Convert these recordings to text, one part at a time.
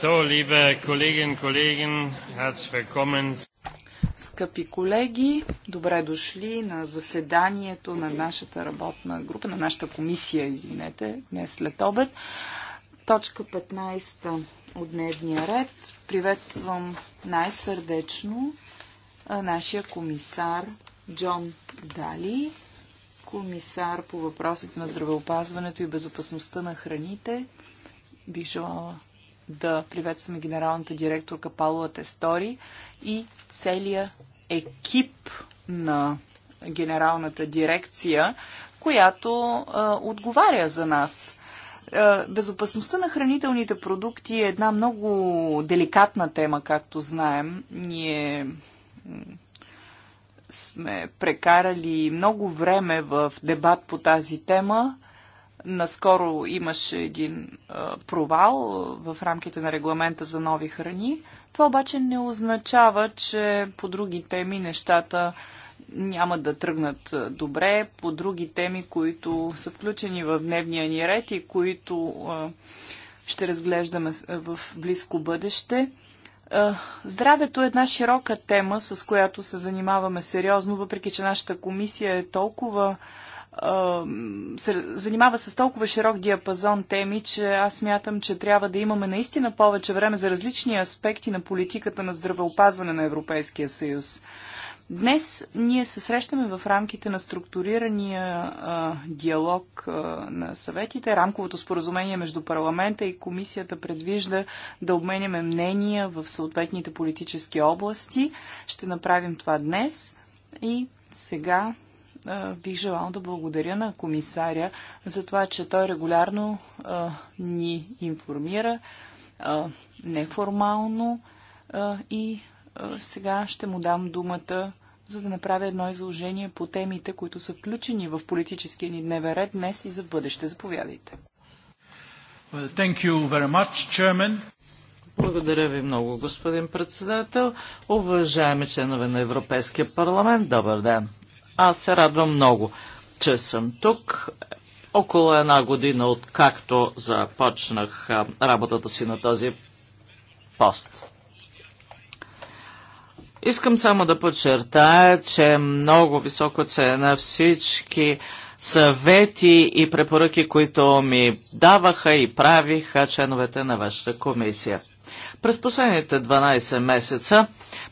So, liebe Kolleginnen und Kollegen, herzlich willkommen. Скъпи колеги, добре дошли на заседанието на нашата работна група, на нашата комисия, извинете, днес след обед. Точка 15 от дневния ред. Приветствам най-сърдечно нашия комисар Джон Дали, комисар по въпросите на здравеопазването и безопасността на храните. Бих желала да приветстваме генералната директорка Паула Тестори и целия екип на генералната дирекция, която а, отговаря за нас. А, безопасността на хранителните продукти е една много деликатна тема, както знаем. Ние сме прекарали много време в дебат по тази тема Наскоро имаше един провал в рамките на регламента за нови храни. Това обаче не означава, че по други теми нещата няма да тръгнат добре. По други теми, които са включени в дневния ни ред и които ще разглеждаме в близко бъдеще. Здравето е една широка тема, с която се занимаваме сериозно, въпреки че нашата комисия е толкова се занимава с толкова широк диапазон теми, че аз мятам, че трябва да имаме наистина повече време за различни аспекти на политиката на здравеопазване на Европейския съюз. Днес ние се срещаме в рамките на структурирания а, диалог а, на съветите. Рамковото споразумение между парламента и комисията предвижда да обменяме мнения в съответните политически области. Ще направим това днес и сега бих желал да благодаря на комисаря за това, че той регулярно ни информира неформално и сега ще му дам думата, за да направя едно изложение по темите, които са включени в политическия ни дневен ред днес и за бъдеще. Заповядайте. thank you very much, Chairman. Благодаря ви много, господин председател. Уважаеми членове на Европейския парламент, добър ден! Аз се радвам много, че съм тук. Около една година от както започнах работата си на този пост. Искам само да подчертая, че много високо цена всички съвети и препоръки, които ми даваха и правиха членовете на вашата комисия. През последните 12 месеца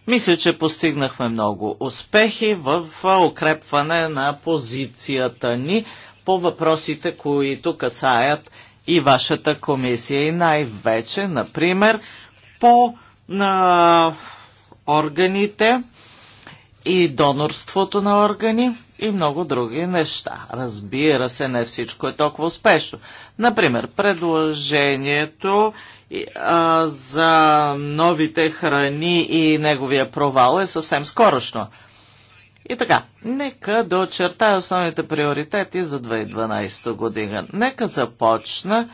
мисля, че постигнахме много успехи в укрепване на позицията ни по въпросите, които касаят и вашата комисия и най-вече, например, по на органите и донорството на органи и много други неща. Разбира се, не всичко е толкова успешно. Например, предложението а, за новите храни и неговия провал е съвсем скорошно. И така, нека да очертая основните приоритети за 2012 година. Нека започна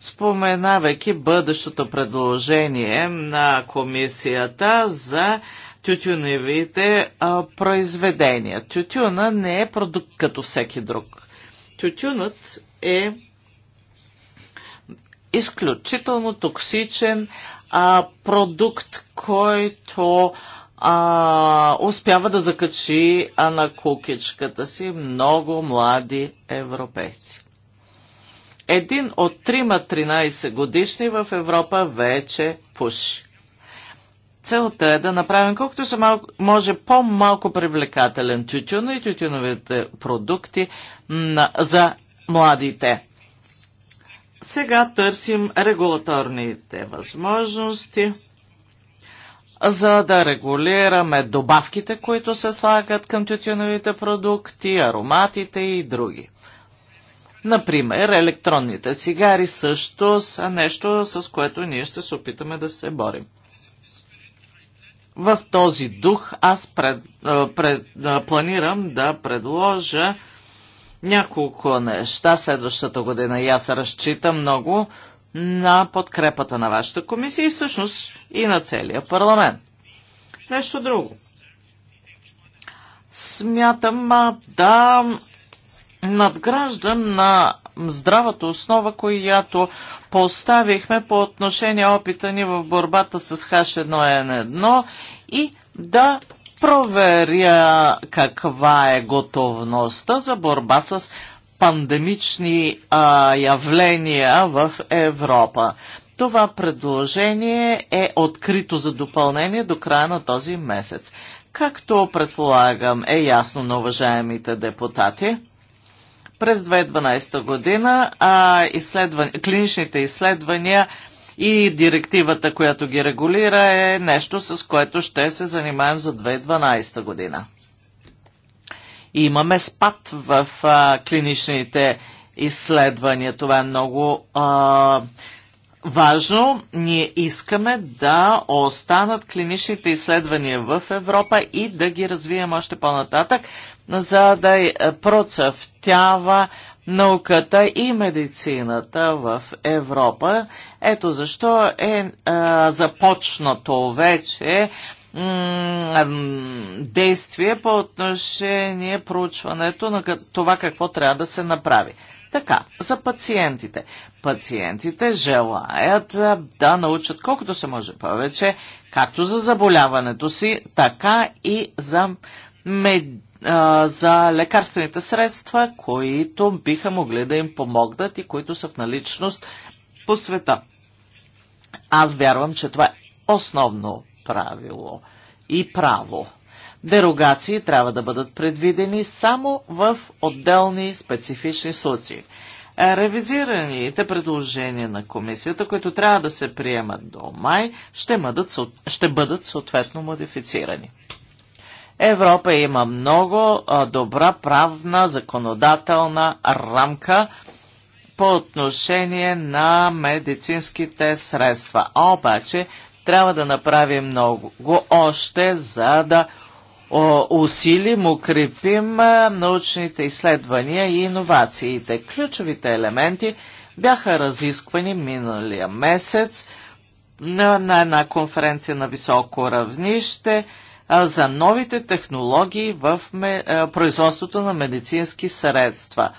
споменавайки бъдещото предложение на комисията за тютюневите а, произведения. Тютюна не е продукт като всеки друг. Тютюнът е изключително токсичен а, продукт, който а, успява да закачи а, на кукичката си много млади европейци. Един от трима 13 годишни в Европа вече пуши. Целта е да направим колкото се малко, може по-малко привлекателен тютюн и тютюновите продукти на, за младите. Сега търсим регулаторните възможности, за да регулираме добавките, които се слагат към тютюновите продукти, ароматите и други. Например, електронните цигари също са нещо, с което ние ще се опитаме да се борим. В този дух аз пред, пред, планирам да предложа няколко неща следващата година и аз разчитам много на подкрепата на вашата комисия и всъщност и на целия парламент. Нещо друго. Смятам да надграждам на здравата основа, която поставихме по отношение опита ни в борбата с H1N1 и да проверя каква е готовността за борба с пандемични а, явления в Европа. Това предложение е открито за допълнение до края на този месец. Както предполагам е ясно на уважаемите депутати, през 2012 година а, изследван... клиничните изследвания и директивата, която ги регулира е нещо, с което ще се занимаем за 2012 година. И имаме спад в а, клиничните изследвания. Това е много а, важно. Ние искаме да останат клиничните изследвания в Европа и да ги развием още по-нататък, за да е, е, процъфтява науката и медицината в Европа. Ето защо е а, е, започнато вече действие по отношение проучването на това какво трябва да се направи. Така, за пациентите. Пациентите желаят да научат колкото се може повече, както за заболяването си, така и за, мед... за лекарствените средства, които биха могли да им помогнат и които са в наличност по света. Аз вярвам, че това е основно правило и право. Дерогации трябва да бъдат предвидени само в отделни специфични случаи. Е, ревизираните предложения на комисията, които трябва да се приемат до май, ще бъдат, ще бъдат съответно модифицирани. Европа има много добра правна законодателна рамка по отношение на медицинските средства. Обаче трябва да направим много още, за да усилим, укрепим научните изследвания и иновациите. Ключовите елементи бяха разисквани миналия месец на една конференция на високо равнище за новите технологии в производството на медицински средства.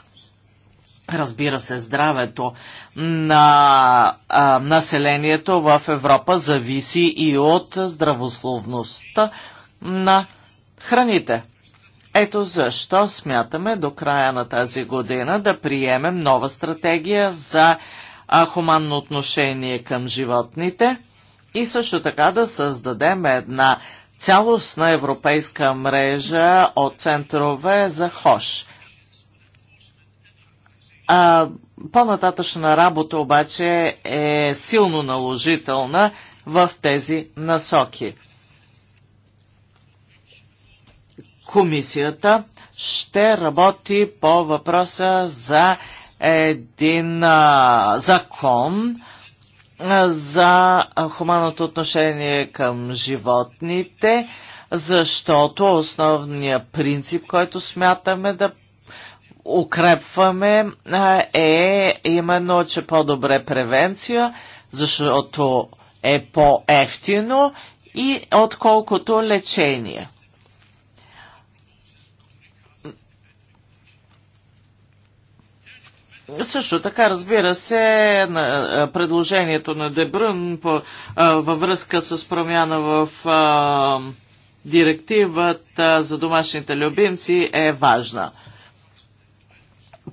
Разбира се, здравето на а, населението в Европа зависи и от здравословността на храните. Ето защо смятаме до края на тази година да приемем нова стратегия за хуманно отношение към животните и също така да създадем една цялостна европейска мрежа от центрове за ХОШ. по-нататъчна работа обаче е силно наложителна в тези насоки. комисията ще работи по въпроса за един а, закон а, за хуманното отношение към животните, защото основният принцип, който смятаме да укрепваме а, е именно, че по-добре превенция, защото е по-ефтино и отколкото лечение. Също така, разбира се, на, предложението на Дебрън по, а, във връзка с промяна в а, директивата за домашните любимци е важна.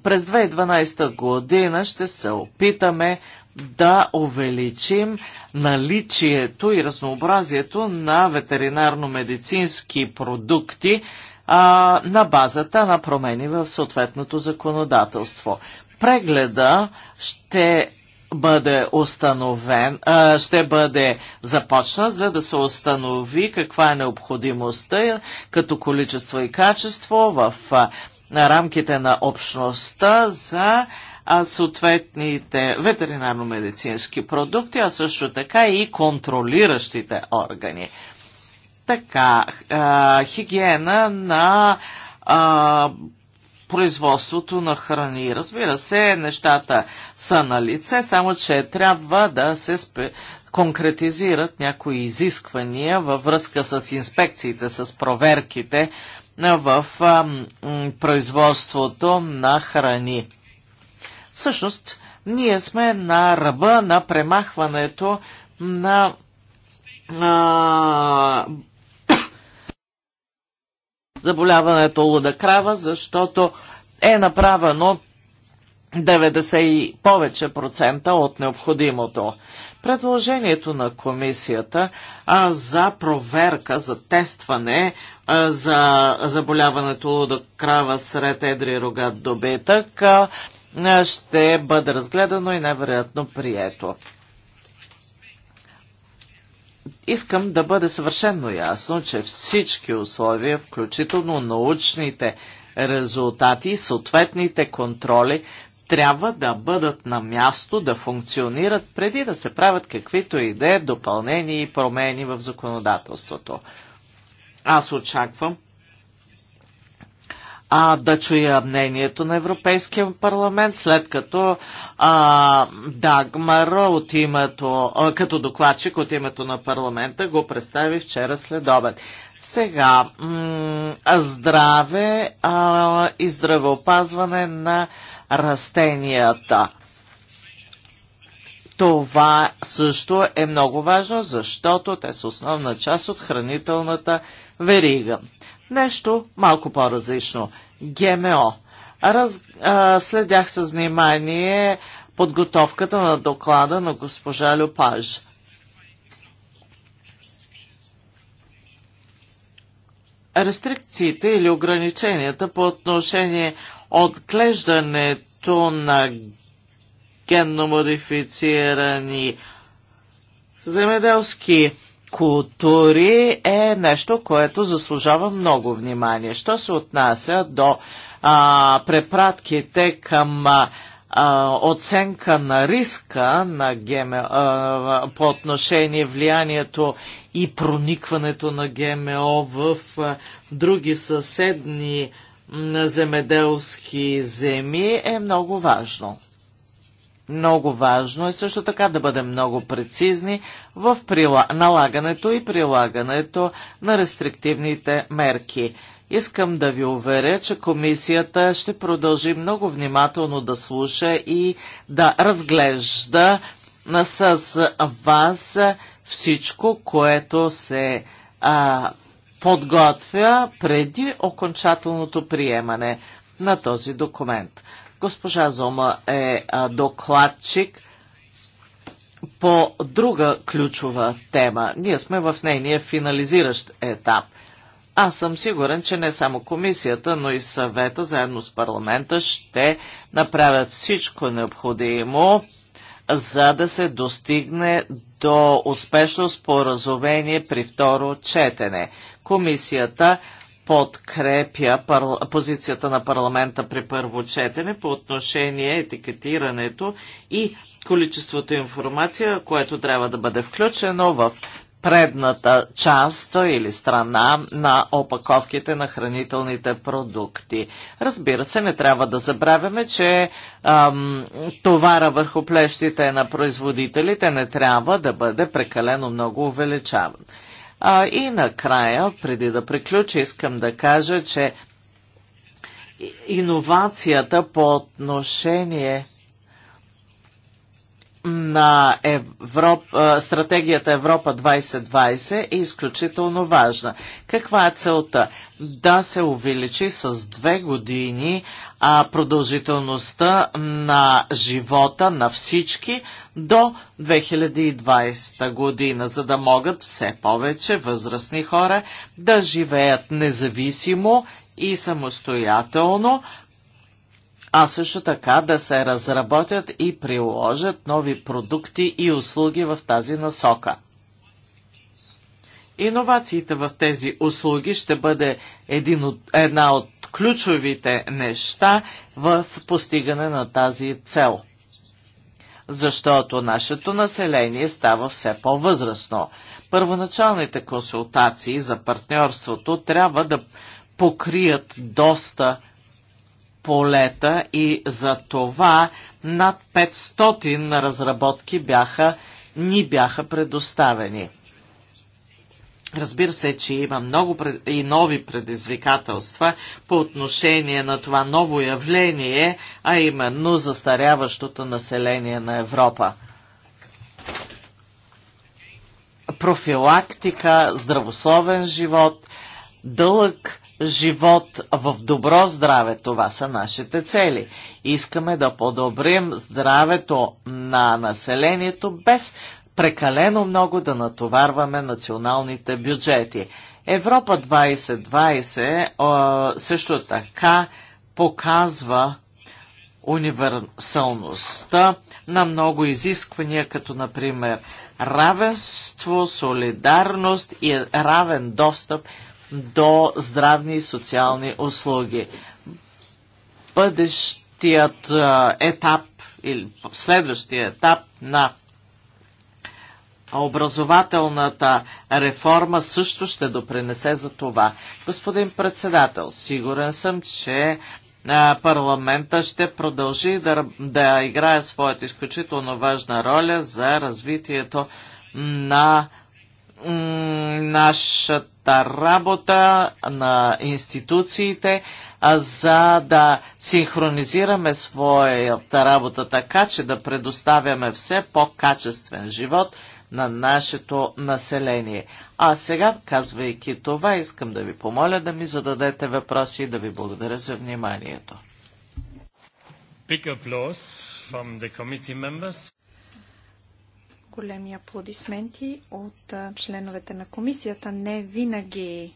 През 2012 година ще се опитаме да увеличим наличието и разнообразието на ветеринарно-медицински продукти а, на базата на промени в съответното законодателство прегледа ще бъде установен, а, ще бъде започнат, за да се установи каква е необходимостта като количество и качество в а, на рамките на общността за а, съответните ветеринарно-медицински продукти, а също така и контролиращите органи. Така, а, хигиена на а, производството на храни. Разбира се, нещата са на лице, само че трябва да се спе... конкретизират някои изисквания във връзка с инспекциите, с проверките в а, м, производството на храни. Всъщност, ние сме на ръба на премахването на а, заболяването луда крава, защото е направено 90 и повече процента от необходимото. Предложението на комисията а, за проверка, за тестване а, за заболяването луда крава сред едри рогат добитък ще бъде разгледано и невероятно прието искам да бъде съвършенно ясно, че всички условия, включително научните резултати и съответните контроли, трябва да бъдат на място, да функционират преди да се правят каквито идеи, е допълнения и промени в законодателството. Аз очаквам а, да чуя мнението на Европейския парламент, след като а, Дагмар от името, а, като докладчик от името на парламента го представи вчера след обед. Сега, здраве а, и здравеопазване на растенията. Това също е много важно, защото те са основна част от хранителната верига. Нещо малко по-различно. ГМО. Раз, а, следях с внимание подготовката на доклада на госпожа Люпаж. Рестрикциите или ограниченията по отношение отглеждането на генно модифицирани земеделски култури е нещо, което заслужава много внимание. Що се отнася до а, препратките към а, оценка на риска на ГМО, а, по отношение влиянието и проникването на ГМО в а, други съседни на земеделски земи е много важно. Много важно е също така да бъдем много прецизни в налагането и прилагането на рестриктивните мерки. Искам да ви уверя, че комисията ще продължи много внимателно да слуша и да разглежда с вас всичко, което се а, подготвя преди окончателното приемане на този документ. Госпожа Зома е докладчик по друга ключова тема. Ние сме в нейния финализиращ етап. Аз съм сигурен, че не само комисията, но и съвета заедно с парламента ще направят всичко необходимо, за да се достигне до успешно споразумение при второ четене. Комисията подкрепя позицията на парламента при първо четене по отношение етикетирането и количеството информация, което трябва да бъде включено в предната част или страна на опаковките на хранителните продукти. Разбира се, не трябва да забравяме, че ам, товара върху плещите на производителите не трябва да бъде прекалено много увеличаван. А, и накрая, преди да приключа, искам да кажа, че иновацията по отношение на Европ... стратегията Европа 2020 е изключително важна. Каква е целта? Да се увеличи с две години а, продължителността на живота на всички до 2020 година, за да могат все повече възрастни хора да живеят независимо и самостоятелно, а също така да се разработят и приложат нови продукти и услуги в тази насока. Иновациите в тези услуги ще бъде един от, една от ключовите неща в постигане на тази цел. Защото нашето население става все по-възрастно. Първоначалните консултации за партньорството трябва да покрият доста полета и за това над 500 разработки бяха, ни бяха предоставени. Разбира се, че има много и нови предизвикателства по отношение на това ново явление, а именно застаряващото население на Европа. Профилактика, здравословен живот, дълъг живот в добро здраве. Това са нашите цели. Искаме да подобрим здравето на населението без прекалено много да натоварваме националните бюджети. Европа 2020 също така показва универсалността на много изисквания, като например равенство, солидарност и равен достъп до здравни и социални услуги. Бъдещият етап или следващия етап на образователната реформа също ще допринесе за това. Господин председател, сигурен съм, че парламента ще продължи да, да играе своята изключително важна роля за развитието на нашата работа на институциите, за да синхронизираме своята работа така, че да предоставяме все по-качествен живот на нашето население. А сега, казвайки това, искам да ви помоля да ми зададете въпроси и да ви благодаря за вниманието. Big applause from the committee members големи аплодисменти от членовете на комисията. Не винаги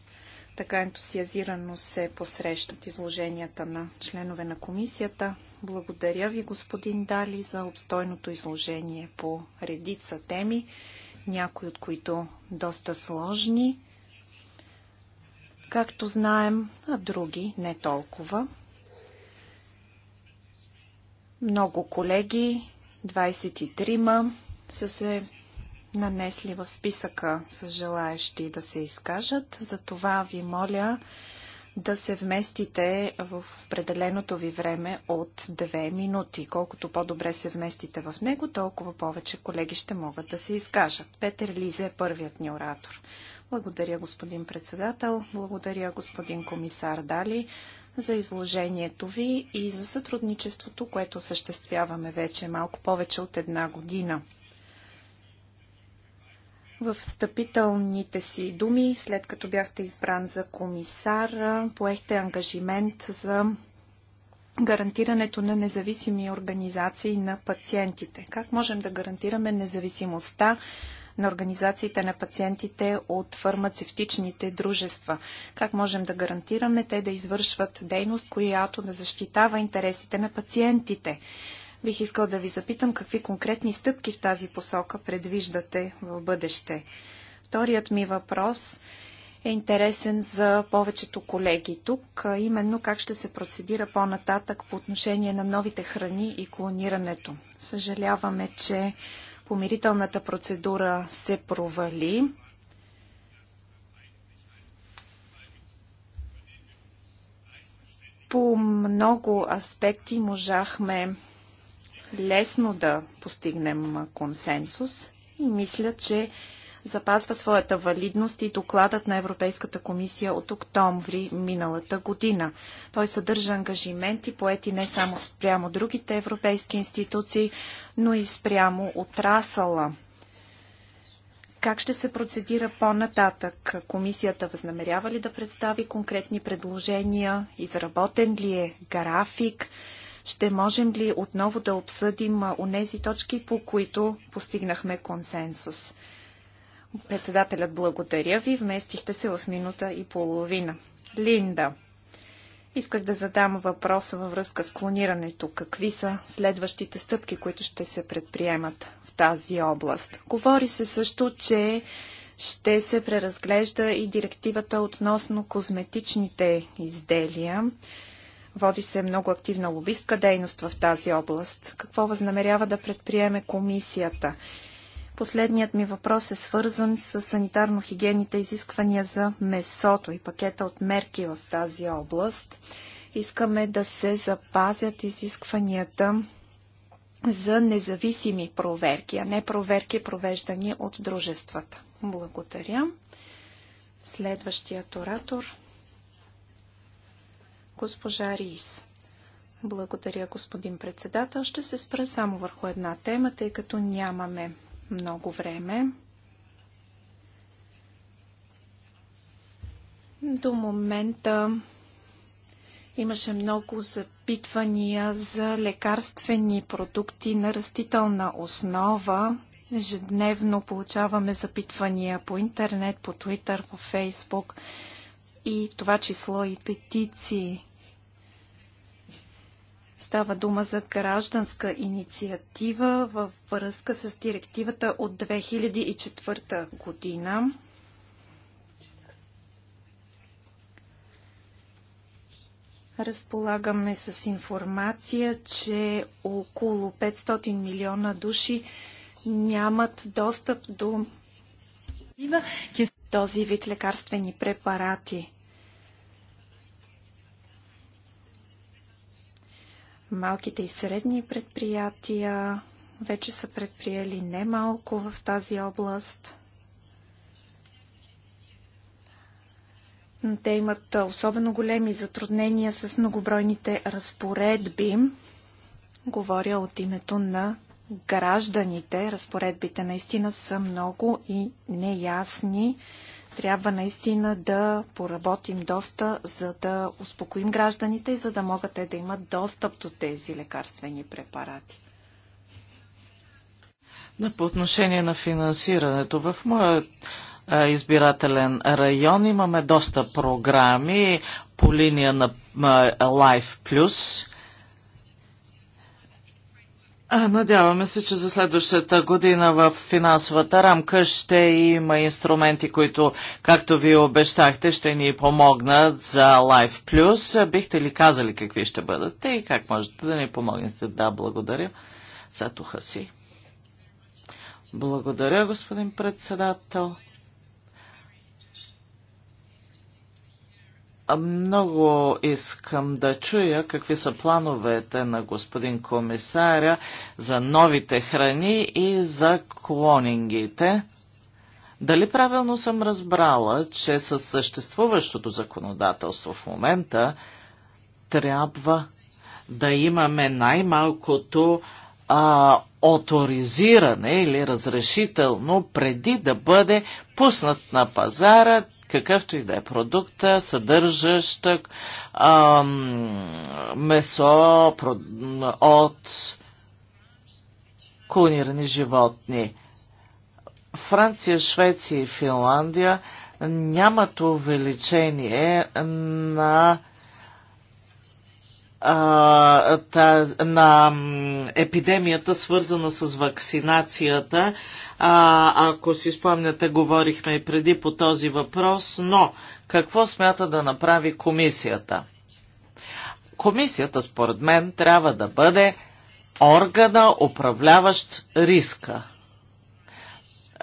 така ентусиазирано се посрещат изложенията на членове на комисията. Благодаря ви, господин Дали, за обстойното изложение по редица теми, някои от които доста сложни, както знаем, а други не толкова. Много колеги, 23-ма, са се нанесли в списъка с желаящи да се изкажат. Затова ви моля да се вместите в определеното ви време от 2 минути. Колкото по-добре се вместите в него, толкова повече колеги ще могат да се изкажат. Петър Лизе е първият ни оратор. Благодаря, господин председател. Благодаря, господин комисар Дали, за изложението ви и за сътрудничеството, което съществяваме вече малко повече от една година. В встъпителните си думи, след като бяхте избран за комисар, поехте ангажимент за гарантирането на независими организации на пациентите. Как можем да гарантираме независимостта на организациите на пациентите от фармацевтичните дружества? Как можем да гарантираме те да извършват дейност, която да защитава интересите на пациентите? Бих искал да ви запитам какви конкретни стъпки в тази посока предвиждате в бъдеще. Вторият ми въпрос е интересен за повечето колеги тук, именно как ще се процедира по-нататък по отношение на новите храни и клонирането. Съжаляваме, че помирителната процедура се провали. По много аспекти можахме лесно да постигнем консенсус и мисля, че запазва своята валидност и докладът на Европейската комисия от октомври миналата година. Той съдържа ангажименти, поети не само спрямо другите европейски институции, но и спрямо отрасала. Как ще се процедира по-нататък? Комисията възнамерява ли да представи конкретни предложения? Изработен ли е график? Ще можем ли отново да обсъдим онези точки, по които постигнахме консенсус? Председателят благодаря ви. Вместихте се в минута и половина. Линда. Исках да задам въпроса във връзка с клонирането. Какви са следващите стъпки, които ще се предприемат в тази област? Говори се също, че ще се преразглежда и директивата относно козметичните изделия. Води се много активна лобистка дейност в тази област. Какво възнамерява да предприеме комисията? Последният ми въпрос е свързан с санитарно-хигиените изисквания за месото и пакета от мерки в тази област. Искаме да се запазят изискванията за независими проверки, а не проверки, провеждани от дружествата. Благодаря. Следващият оратор. Госпожа Рис. Благодаря, господин председател. Ще се спра само върху една тема, тъй като нямаме много време. До момента имаше много запитвания за лекарствени продукти на растителна основа. Ежедневно получаваме запитвания по интернет, по Twitter, по Фейсбук и това число и петиции. Става дума за гражданска инициатива във връзка с директивата от 2004 година. Разполагаме с информация, че около 500 милиона души нямат достъп до този вид лекарствени препарати. Малките и средни предприятия вече са предприели немалко в тази област. Те имат особено големи затруднения с многобройните разпоредби. Говоря от името на гражданите. Разпоредбите наистина са много и неясни. Трябва наистина да поработим доста, за да успокоим гражданите и за да могат те да имат достъп до тези лекарствени препарати. Да, по отношение на финансирането, в моят избирателен район имаме доста програми по линия на Life Plus Надяваме се, че за следващата година в финансовата рамка ще има инструменти, които, както ви обещахте, ще ни помогнат за Life Plus. Бихте ли казали какви ще бъдат те и как можете да ни помогнете? Да, благодаря. туха си. Благодаря, господин председател. Много искам да чуя какви са плановете на господин комисаря за новите храни и за клонингите. Дали правилно съм разбрала, че със съществуващото законодателство в момента трябва да имаме най-малкото авторизиране или разрешително преди да бъде пуснат на пазара какъвто и да е продукта, съдържащ месо от клонирани животни. Франция, Швеция и Финландия нямат увеличение на на епидемията, свързана с вакцинацията. А, ако си спомняте, говорихме и преди по този въпрос, но какво смята да направи комисията? Комисията, според мен, трябва да бъде органа, управляващ риска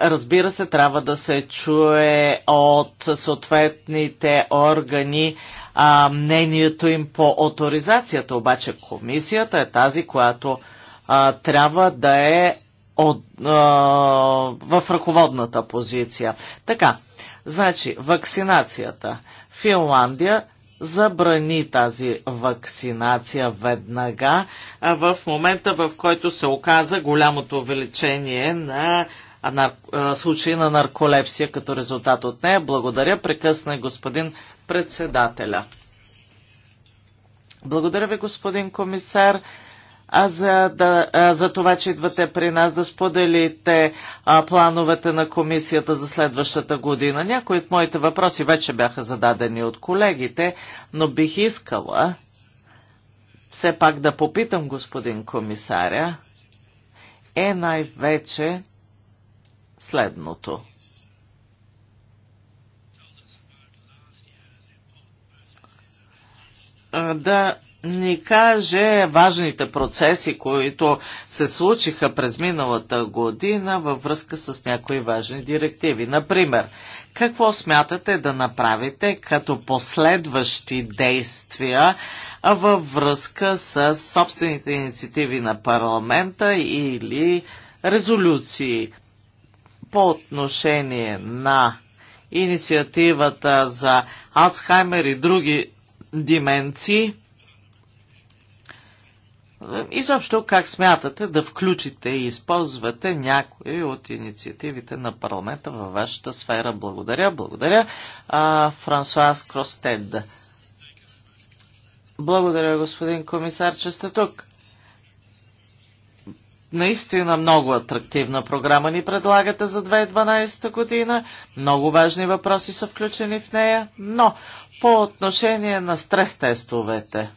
разбира се, трябва да се чуе от съответните органи а, мнението им по авторизацията. Обаче комисията е тази, която а, трябва да е от, а, в ръководната позиция. Така, значи, вакцинацията. Финландия забрани тази вакцинация веднага, а в момента в който се оказа голямото увеличение на нар... случаи на нарколепсия като резултат от нея. Благодаря, прекъсна господин председателя. Благодаря ви, господин комисар, а за, да, а за това, че идвате при нас да споделите а, плановете на комисията за следващата година. Някои от моите въпроси вече бяха зададени от колегите, но бих искала все пак да попитам господин комисаря е най-вече следното. Да ни каже важните процеси, които се случиха през миналата година във връзка с някои важни директиви. Например, какво смятате да направите като последващи действия във връзка с собствените инициативи на парламента или резолюции? по отношение на инициативата за Алцхаймер и други дименции. Изобщо как смятате да включите и използвате някои от инициативите на парламента във вашата сфера? Благодаря, благодаря. А, Франсуас Кростед. Благодаря, господин комисар, че сте тук наистина много атрактивна програма ни предлагате за 2012 година. Много важни въпроси са включени в нея, но по отношение на стрес-тестовете.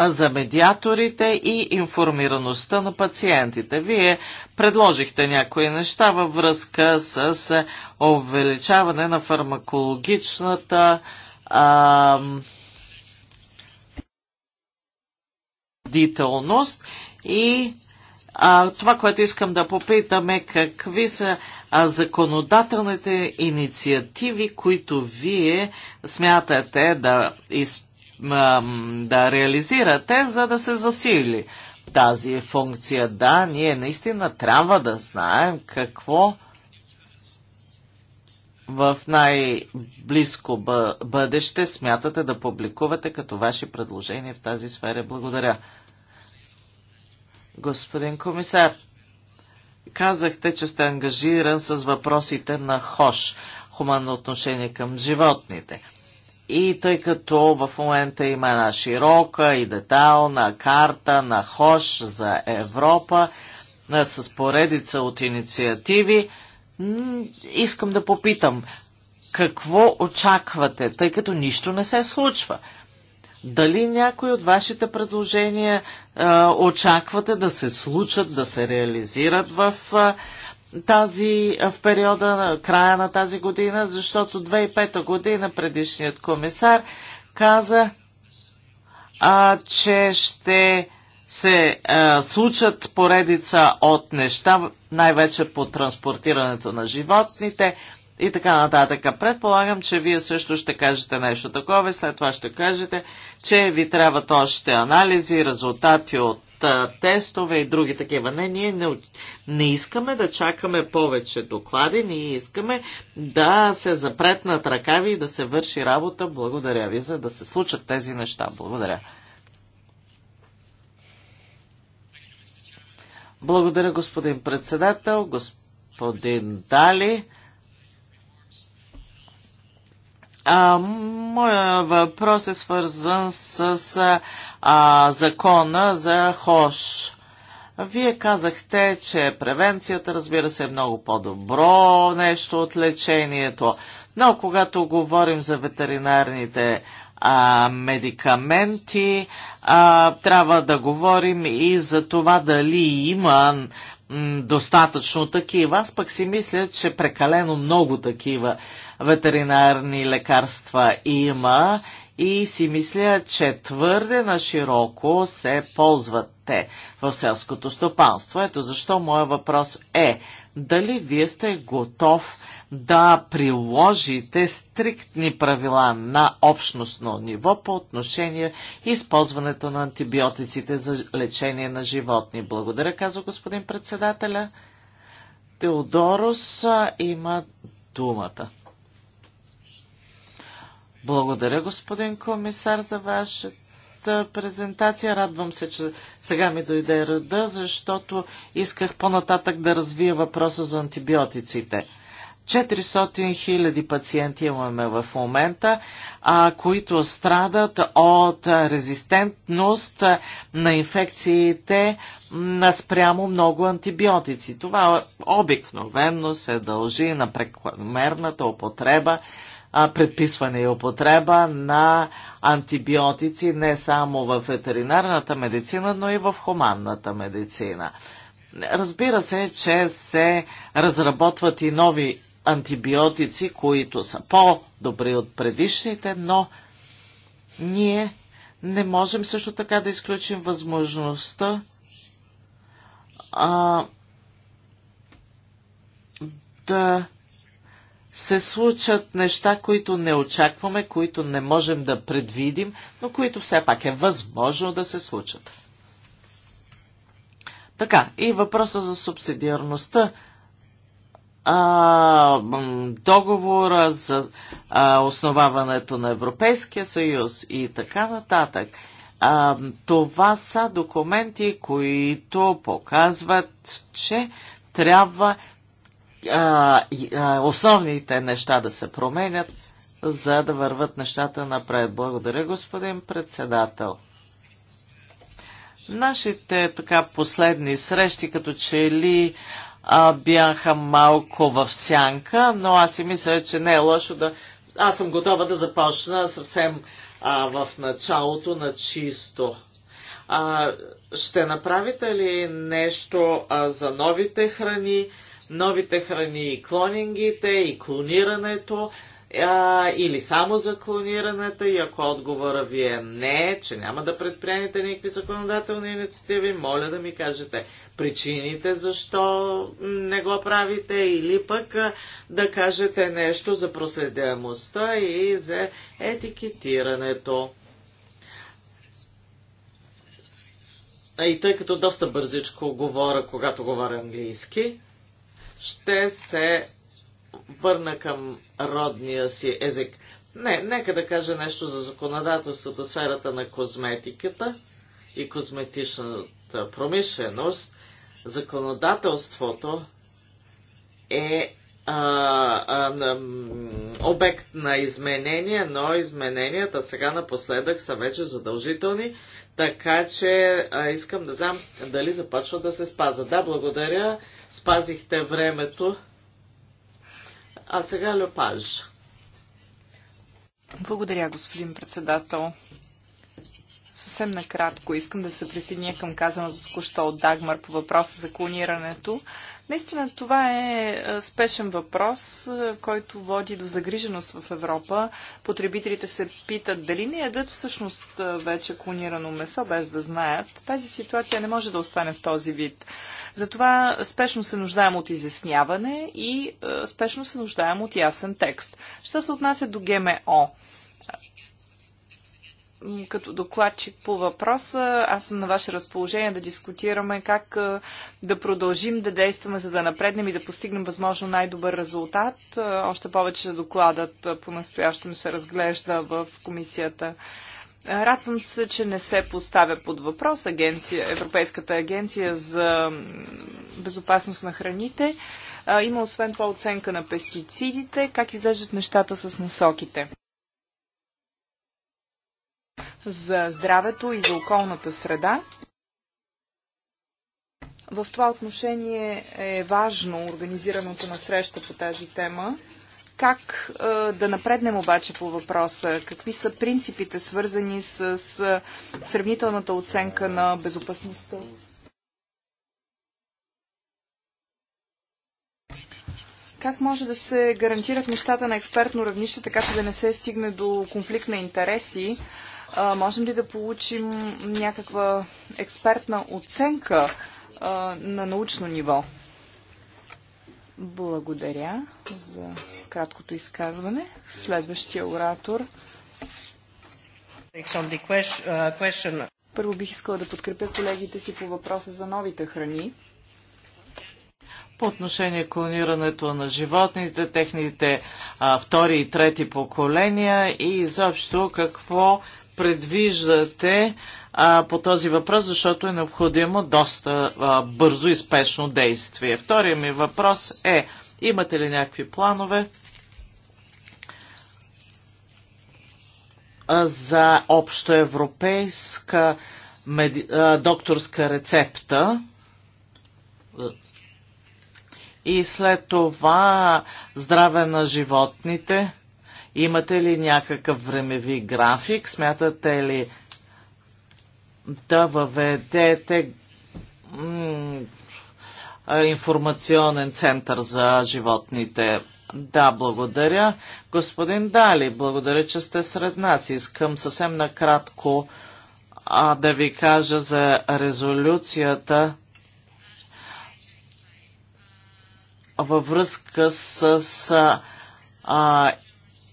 за медиаторите и информираността на пациентите. Вие предложихте някои неща във връзка с увеличаване на фармакологичната ам, убедителност и а, това, което искам да попитаме, какви са а, законодателните инициативи, които вие смятате да, из, а, да реализирате, за да се засили тази функция. Да, ние наистина трябва да знаем какво в най-близко бъдеще смятате да публикувате като ваши предложения в тази сфера. Благодаря. Господин комисар, казахте, че сте ангажиран с въпросите на ХОШ, хуманно отношение към животните. И тъй като в момента има една широка и детална карта на ХОШ за Европа с поредица от инициативи, искам да попитам, какво очаквате, тъй като нищо не се случва? Дали някои от вашите предложения а, очаквате да се случат, да се реализират в а, тази, в периода на края на тази година, защото 2005 година предишният комисар каза, а, че ще се а, случат поредица от неща, най-вече по транспортирането на животните – и така нататък. Предполагам, че вие също ще кажете нещо такова и след това ще кажете, че ви трябват още анализи, резултати от тестове и други такива. Не, ние не, не искаме да чакаме повече доклади, ние искаме да се запретнат ръкави и да се върши работа. Благодаря ви, за да се случат тези неща. Благодаря. Благодаря, господин председател, господин Дали. А, моя въпрос е свързан с а, закона за ХОШ. Вие казахте, че превенцията, разбира се, е много по-добро нещо от лечението. Но когато говорим за ветеринарните а, медикаменти, а, трябва да говорим и за това дали има достатъчно такива. Аз пък си мисля, че прекалено много такива ветеринарни лекарства има и си мисля, че твърде нашироко се ползват те в селското стопанство. Ето защо моя въпрос е дали вие сте готов да приложите стриктни правила на общностно ниво по отношение използването на антибиотиците за лечение на животни. Благодаря, казва господин председателя. Теодорос има думата. Благодаря, господин комисар, за вашата презентация. Радвам се, че сега ми дойде ръда, защото исках по-нататък да развия въпроса за антибиотиците. 400 хиляди пациенти имаме в момента, а, които страдат от резистентност на инфекциите на спрямо много антибиотици. Това обикновено се дължи на прекомерната употреба предписване и употреба на антибиотици не само в ветеринарната медицина, но и в хуманната медицина. Разбира се, че се разработват и нови антибиотици, които са по-добри от предишните, но ние не можем също така да изключим възможността а, да се случат неща, които не очакваме, които не можем да предвидим, но които все пак е възможно да се случат. Така, и въпроса за субсидиарността. А, договора за а, основаването на Европейския съюз и така нататък. А, това са документи, които показват, че трябва а, а, основните неща да се променят, за да върват нещата напред. Благодаря, господин председател. Нашите така последни срещи, като че ли а, бяха малко в сянка, но аз си мисля, че не е лошо да... Аз съм готова да започна съвсем а, в началото на чисто. А, ще направите ли нещо а, за новите храни? новите храни, и клонингите и клонирането, а, или само за клонирането и ако отговора ви е не, че няма да предприемете никакви законодателни инициативи, моля да ми кажете причините защо не го правите или пък а, да кажете нещо за проследяемостта и за етикетирането. И тъй като доста бързичко говоря, когато говоря английски, ще се върна към родния си език. Не, нека да кажа нещо за законодателството, сферата на козметиката и козметичната промишленост. Законодателството е а, а, на, обект на изменения, но измененията сега напоследък са вече задължителни, така че а, искам да знам дали започва да се спазва. Да, благодаря. Спазихте времето. А сега Лепаж. Благодаря, господин председател. Съвсем накратко искам да се присъединя към казаното току-що от Дагмар по въпроса за клонирането. Наистина това е, е спешен въпрос, е, който води до загриженост в Европа. Потребителите се питат дали не ядат всъщност е, вече клонирано месо, без да знаят. Тази ситуация не може да остане в този вид. Затова спешно се нуждаем от изясняване и спешно се нуждаем от ясен текст. Що се отнася до ГМО? като докладчик по въпроса. Аз съм на ваше разположение да дискутираме как да продължим да действаме, за да напреднем и да постигнем възможно най-добър резултат. Още повече докладът по-настоящем се разглежда в комисията. Радвам се, че не се поставя под въпрос агенция, Европейската агенция за безопасност на храните. Има освен това оценка на пестицидите, как изглеждат нещата с насоките за здравето и за околната среда. В това отношение е важно организираното на среща по тази тема. Как е, да напреднем обаче по въпроса? Какви са принципите, свързани с е, сравнителната оценка на безопасността? Как може да се гарантират нещата на експертно равнище, така че да не се стигне до конфликт на интереси? можем ли да получим някаква експертна оценка на научно ниво? Благодаря за краткото изказване. Следващия оратор. Uh, Първо бих искала да подкрепя колегите си по въпроса за новите храни. По отношение клонирането на животните, техните а, втори и трети поколения и изобщо какво предвиждате а, по този въпрос, защото е необходимо доста а, бързо и спешно действие. Втория ми въпрос е, имате ли някакви планове а, за общоевропейска меди... а, докторска рецепта? И след това здраве на животните – Имате ли някакъв времеви график? Смятате ли да въведете информационен център за животните? Да, благодаря. Господин Дали, благодаря, че сте сред нас. Искам съвсем накратко а, да ви кажа за резолюцията във връзка с а,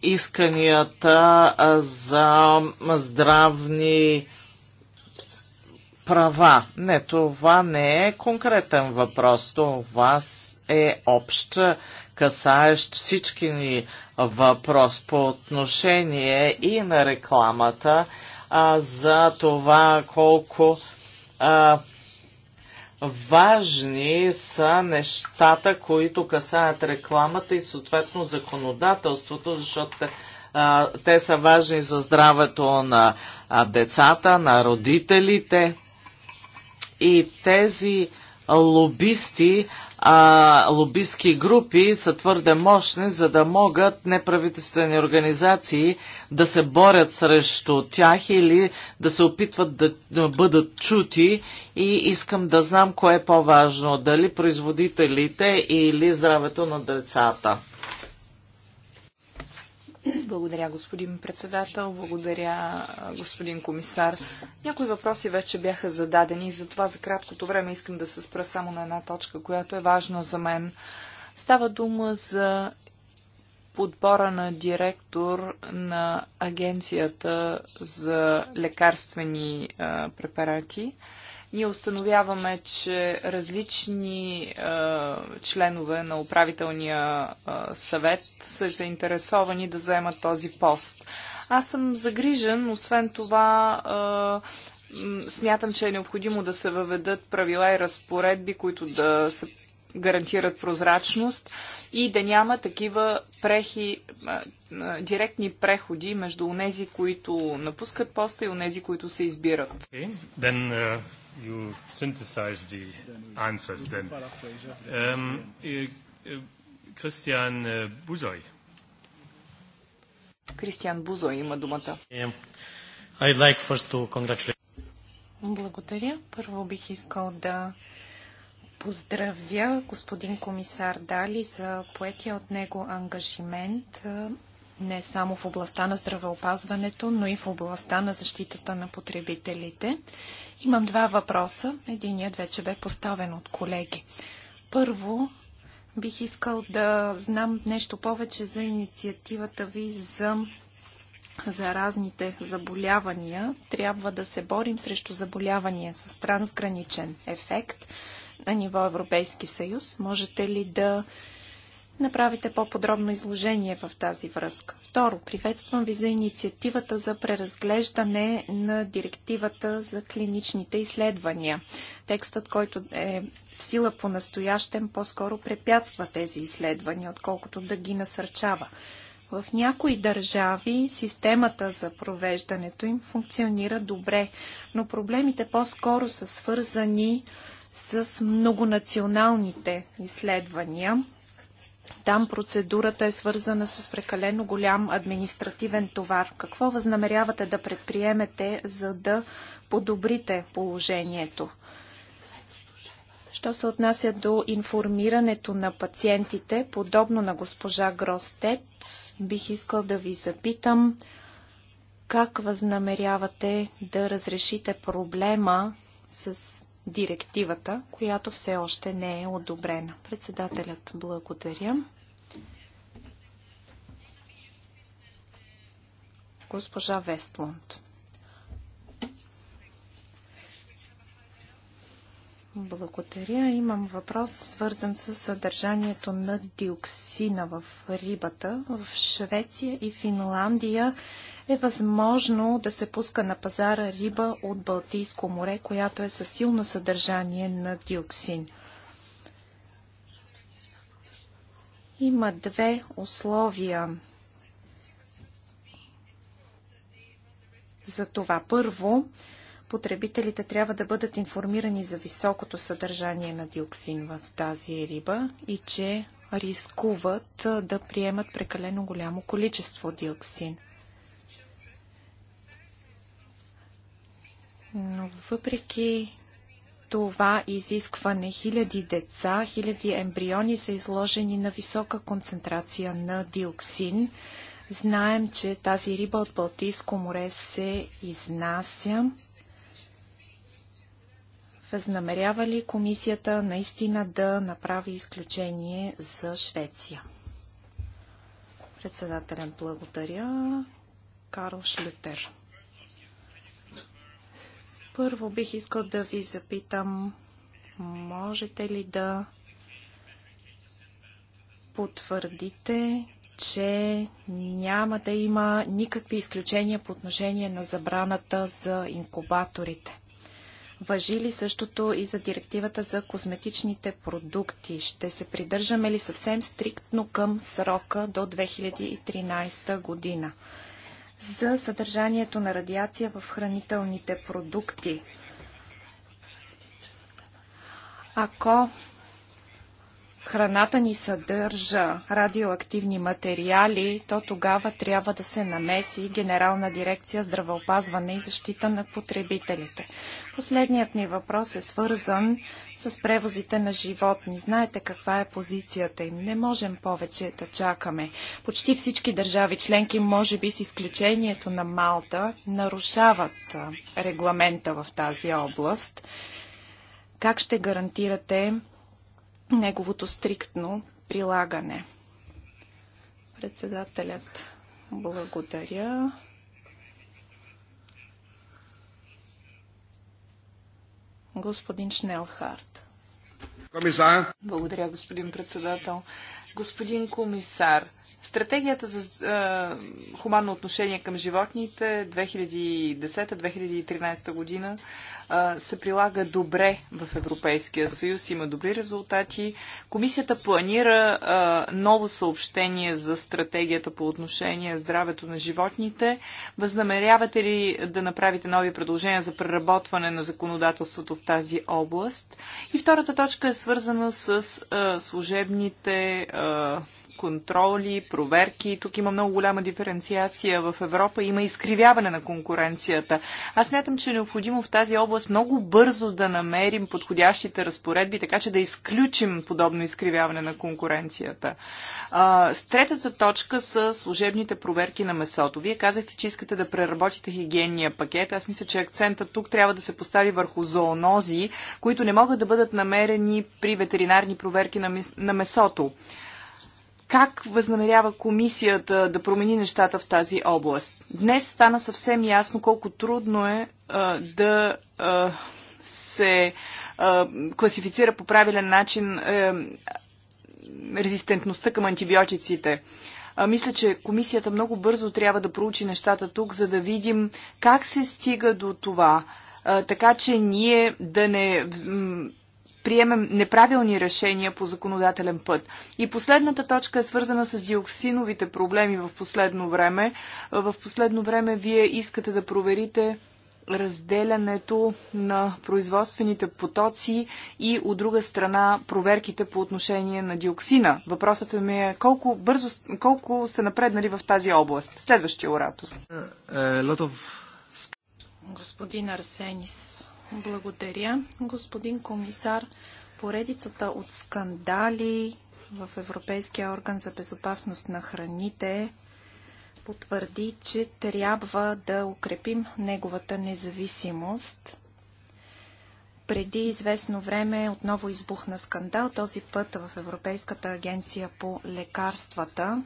исканията за здравни права. Не, това не е конкретен въпрос. Това е общ, касаещ всички ни въпрос по отношение и на рекламата а, за това колко а, важни са нещата, които касаят рекламата и съответно законодателството, защото те, а, те са важни за здравето на а, децата, на родителите. И тези лобисти а, лобистски групи са твърде мощни, за да могат неправителствени организации да се борят срещу тях или да се опитват да бъдат чути и искам да знам кое е по-важно, дали производителите или здравето на децата. Благодаря, господин председател. Благодаря, господин комисар. Някои въпроси вече бяха зададени и затова за краткото време искам да се спра само на една точка, която е важна за мен. Става дума за подбора на директор на Агенцията за лекарствени а, препарати. Ние установяваме, че различни е, членове на управителния е, съвет са заинтересовани да заемат този пост. Аз съм загрижен, освен това. Е, смятам, че е необходимо да се въведат правила и разпоредби, които да се гарантират прозрачност и да няма такива прехи, директни преходи между онези, които напускат поста и онези, които се избират. Okay. Then, uh you synthesize the answers then. Um, uh, uh Christian uh, Buzoy. Кристиан Бузой има думата. I'd like first to congratulate. Благодаря. Първо бих искал да поздравя господин комисар Дали за поетия от него ангажимент не само в областта на здравеопазването, но и в областта на защитата на потребителите. Имам два въпроса. Единият вече бе поставен от колеги. Първо, бих искал да знам нещо повече за инициативата ви за разните заболявания. Трябва да се борим срещу заболявания с трансграничен ефект на ниво Европейски съюз. Можете ли да направите по-подробно изложение в тази връзка. Второ, приветствам ви за инициативата за преразглеждане на директивата за клиничните изследвания. Текстът, който е в сила по настоящем, по-скоро препятства тези изследвания, отколкото да ги насърчава. В някои държави системата за провеждането им функционира добре, но проблемите по-скоро са свързани с многонационалните изследвания, там процедурата е свързана с прекалено голям административен товар. Какво възнамерявате да предприемете, за да подобрите положението? Що се отнася до информирането на пациентите, подобно на госпожа Гростет, бих искал да ви запитам как възнамерявате да разрешите проблема с директивата, която все още не е одобрена. Председателят благодаря. Госпожа Вестлунд. Благодаря. Имам въпрос, свързан с съдържанието на диоксина в рибата. В Швеция и Финландия е възможно да се пуска на пазара риба от Балтийско море, която е със силно съдържание на диоксин. Има две условия за това. Първо, потребителите трябва да бъдат информирани за високото съдържание на диоксин в тази риба и че рискуват да приемат прекалено голямо количество диоксин. Но въпреки това изискване хиляди деца, хиляди ембриони са изложени на висока концентрация на диоксин. Знаем, че тази риба от Балтийско море се изнася. Възнамерява ли комисията наистина да направи изключение за Швеция? Председателен благодаря. Карл Шлютер. Първо бих искал да ви запитам, можете ли да потвърдите, че няма да има никакви изключения по отношение на забраната за инкубаторите. Въжи ли същото и за директивата за козметичните продукти? Ще се придържаме ли съвсем стриктно към срока до 2013 година? за съдържанието на радиация в хранителните продукти. Ако храната ни съдържа радиоактивни материали, то тогава трябва да се намеси Генерална дирекция здравеопазване и защита на потребителите. Последният ми въпрос е свързан с превозите на животни. Знаете каква е позицията им. Не можем повече да чакаме. Почти всички държави членки, може би с изключението на Малта, нарушават регламента в тази област. Как ще гарантирате неговото стриктно прилагане. Председателят благодаря. Господин Шнелхарт. Комисар. Благодаря, господин председател. Господин комисар, Стратегията за е, хуманно отношение към животните 2010-2013 година е, се прилага добре в Европейския съюз, има добри резултати. Комисията планира е, ново съобщение за стратегията по отношение здравето на животните. Възнамерявате ли да направите нови предложения за преработване на законодателството в тази област? И втората точка е свързана с е, служебните. Е, контроли, проверки. Тук има много голяма диференциация в Европа. Има изкривяване на конкуренцията. Аз мятам, че е необходимо в тази област много бързо да намерим подходящите разпоредби, така че да изключим подобно изкривяване на конкуренцията. А, с третата точка са служебните проверки на месото. Вие казахте, че искате да преработите хигиенния пакет. Аз мисля, че акцентът тук трябва да се постави върху зоонози, които не могат да бъдат намерени при ветеринарни проверки на месото как възнамерява комисията да промени нещата в тази област? Днес стана съвсем ясно колко трудно е а, да а, се а, класифицира по правилен начин а, е, резистентността към антибиотиците. А, мисля, че комисията много бързо трябва да проучи нещата тук, за да видим как се стига до това. А, така че ние да не приемем неправилни решения по законодателен път. И последната точка е свързана с диоксиновите проблеми в последно време. В последно време вие искате да проверите разделянето на производствените потоци и от друга страна проверките по отношение на диоксина. Въпросът е ми е колко бързо, колко сте напреднали в тази област. Следващия оратор. Е, е, Господин Арсенис, благодаря, господин комисар. Поредицата от скандали в Европейския орган за безопасност на храните потвърди, че трябва да укрепим неговата независимост. Преди известно време отново избухна скандал, този път в Европейската агенция по лекарствата.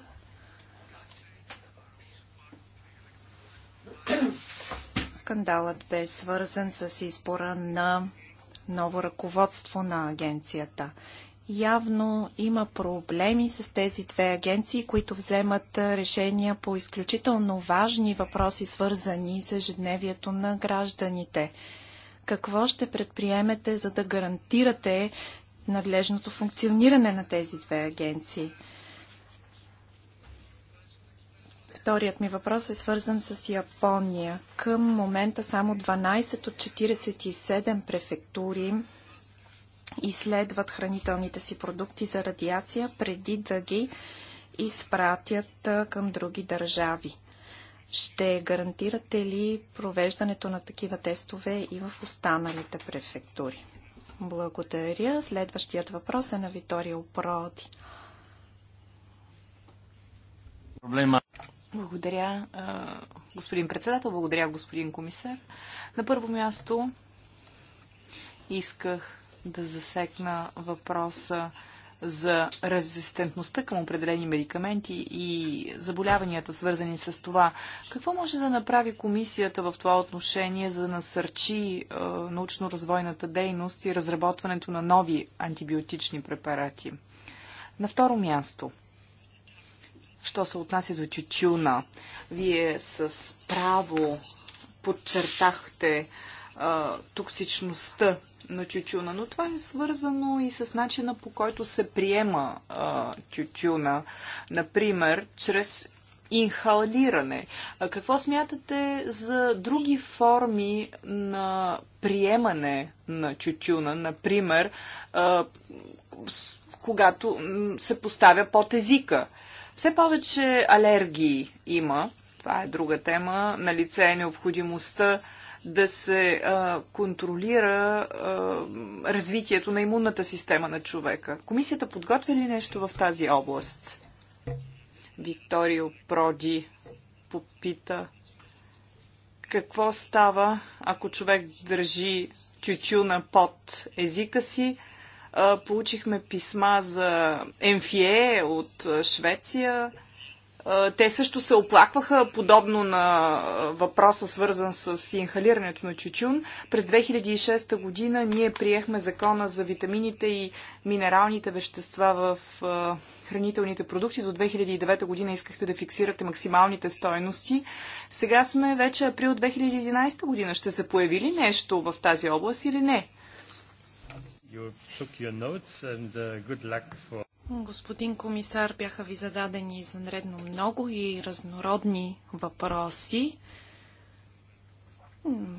Скандалът бе свързан с избора на ново ръководство на агенцията. Явно има проблеми с тези две агенции, които вземат решения по изключително важни въпроси, свързани с ежедневието на гражданите. Какво ще предприемете, за да гарантирате надлежното функциониране на тези две агенции? Вторият ми въпрос е свързан с Япония. Към момента само 12 от 47 префектури изследват хранителните си продукти за радиация преди да ги изпратят към други държави. Ще гарантирате ли провеждането на такива тестове и в останалите префектури? Благодаря. Следващият въпрос е на Витория Опроди. Благодаря, господин председател, благодаря, господин комисар. На първо място исках да засекна въпроса за резистентността към определени медикаменти и заболяванията, свързани с това. Какво може да направи комисията в това отношение, за да насърчи е, научно-развойната дейност и разработването на нови антибиотични препарати? На второ място – що се отнася до тютюна. Вие с право подчертахте а, токсичността на тютюна, но това е свързано и с начина по който се приема а, тютюна. Например, чрез инхалиране. А какво смятате за други форми на приемане на тютюна, Например, а, когато се поставя под езика. Все повече алергии има. Това е друга тема. На лице е необходимостта да се а, контролира а, развитието на имунната система на човека. Комисията подготвя ли нещо в тази област? Викторио Проди попита какво става, ако човек държи тютюна под езика си Получихме писма за МФЕ от Швеция. Те също се оплакваха, подобно на въпроса, свързан с инхалирането на чучун. През 2006 година ние приехме закона за витамините и минералните вещества в хранителните продукти. До 2009 година искахте да фиксирате максималните стоености. Сега сме вече април 2011 година. Ще се появи ли нещо в тази област или не? Uh, Господин комисар, бяха ви зададени извънредно много и разнородни въпроси.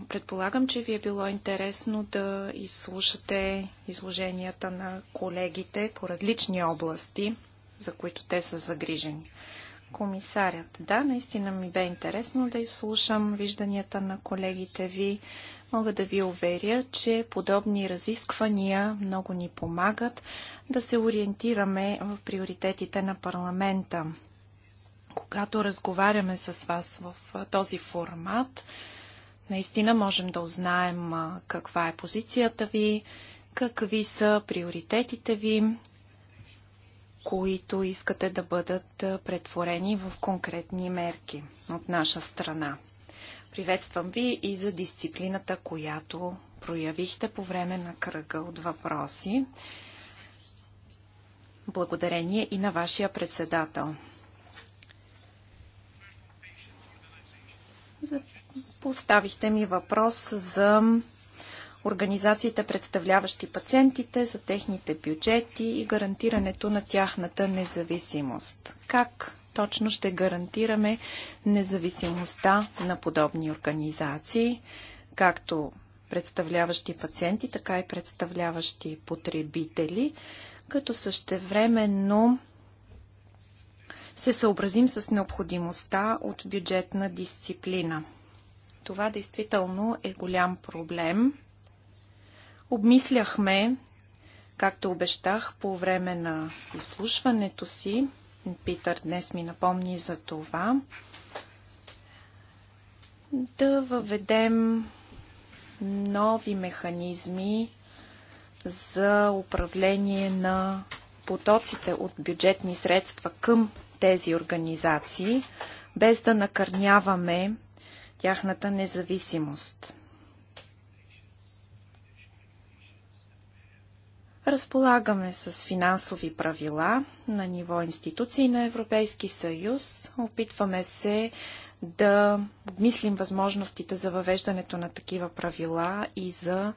Предполагам, че ви е било интересно да изслушате изложенията на колегите по различни области, за които те са загрижени. Комисарят, да, наистина ми бе интересно да изслушам вижданията на колегите ви Мога да ви уверя, че подобни разисквания много ни помагат да се ориентираме в приоритетите на парламента. Когато разговаряме с вас в този формат, наистина можем да узнаем каква е позицията ви, какви са приоритетите ви, които искате да бъдат претворени в конкретни мерки от наша страна. Приветствам ви и за дисциплината, която проявихте по време на кръга от въпроси. Благодарение и на вашия председател. Поставихте ми въпрос за организациите, представляващи пациентите, за техните бюджети и гарантирането на тяхната независимост. Как точно ще гарантираме независимостта на подобни организации, както представляващи пациенти, така и представляващи потребители, като същевременно се съобразим с необходимостта от бюджетна дисциплина. Това действително е голям проблем. Обмисляхме, както обещах по време на изслушването си, Питър днес ми напомни за това, да въведем нови механизми за управление на потоците от бюджетни средства към тези организации, без да накърняваме тяхната независимост. Разполагаме с финансови правила на ниво институции на Европейски съюз. Опитваме се да мислим възможностите за въвеждането на такива правила и за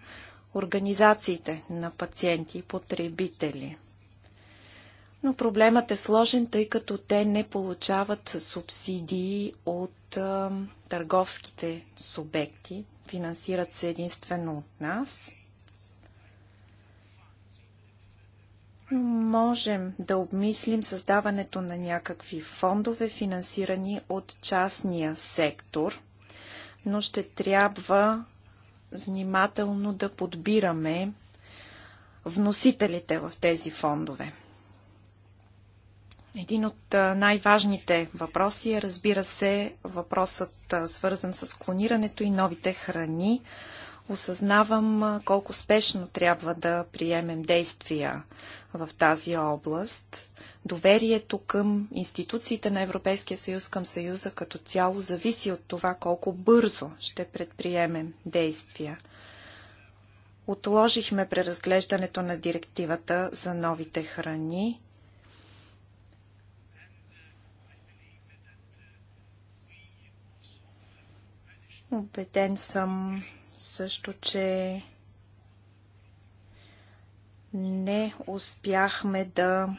организациите на пациенти и потребители. Но проблемът е сложен, тъй като те не получават субсидии от а, търговските субекти. Финансират се единствено от нас. можем да обмислим създаването на някакви фондове, финансирани от частния сектор, но ще трябва внимателно да подбираме вносителите в тези фондове. Един от най-важните въпроси е, разбира се, въпросът свързан с клонирането и новите храни. Осъзнавам колко спешно трябва да приемем действия в тази област. Доверието към институциите на Европейския съюз, към съюза като цяло, зависи от това колко бързо ще предприемем действия. Отложихме преразглеждането на директивата за новите храни. Обеден съм, също, че не успяхме да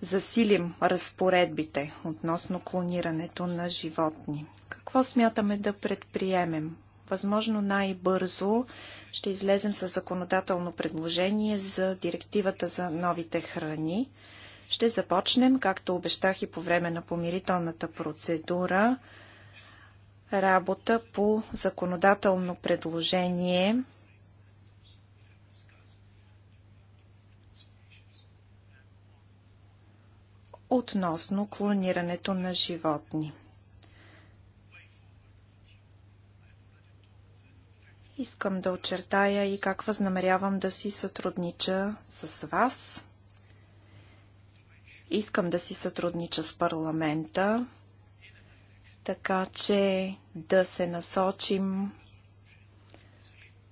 засилим разпоредбите относно клонирането на животни. Какво смятаме да предприемем? Възможно най-бързо ще излезем с законодателно предложение за директивата за новите храни. Ще започнем, както обещах и по време на помирителната процедура, работа по законодателно предложение относно клонирането на животни. Искам да очертая и как възнамерявам да си сътруднича с вас. Искам да си сътруднича с парламента така че да се насочим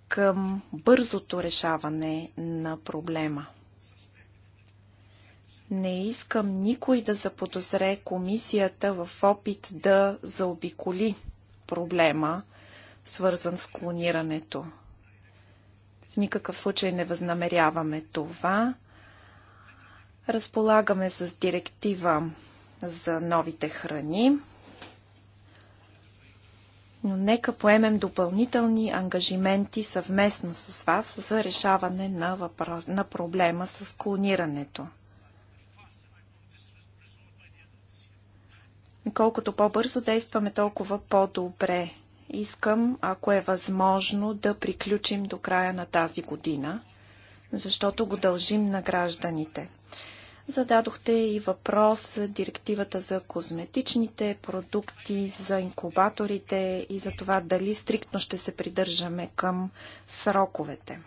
към бързото решаване на проблема. Не искам никой да заподозре комисията в опит да заобиколи проблема, свързан с клонирането. В никакъв случай не възнамеряваме това. Разполагаме с директива за новите храни, но нека поемем допълнителни ангажименти съвместно с вас за решаване на, въпрос, на проблема с клонирането. Колкото по-бързо действаме, толкова по-добре. Искам, ако е възможно, да приключим до края на тази година, защото го дължим на гражданите. Зададохте и въпрос директивата за козметичните продукти, за инкубаторите и за това дали стриктно ще се придържаме към сроковете.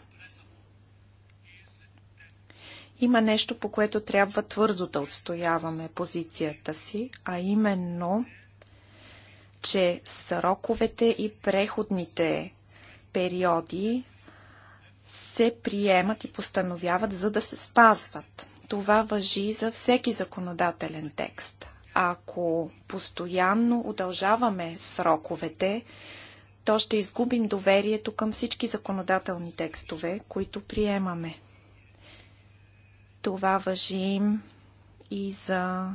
Има нещо, по което трябва твърдо да отстояваме позицията си, а именно, че сроковете и преходните периоди се приемат и постановяват, за да се спазват. Това въжи за всеки законодателен текст. Ако постоянно удължаваме сроковете, то ще изгубим доверието към всички законодателни текстове, които приемаме. Това въжи и за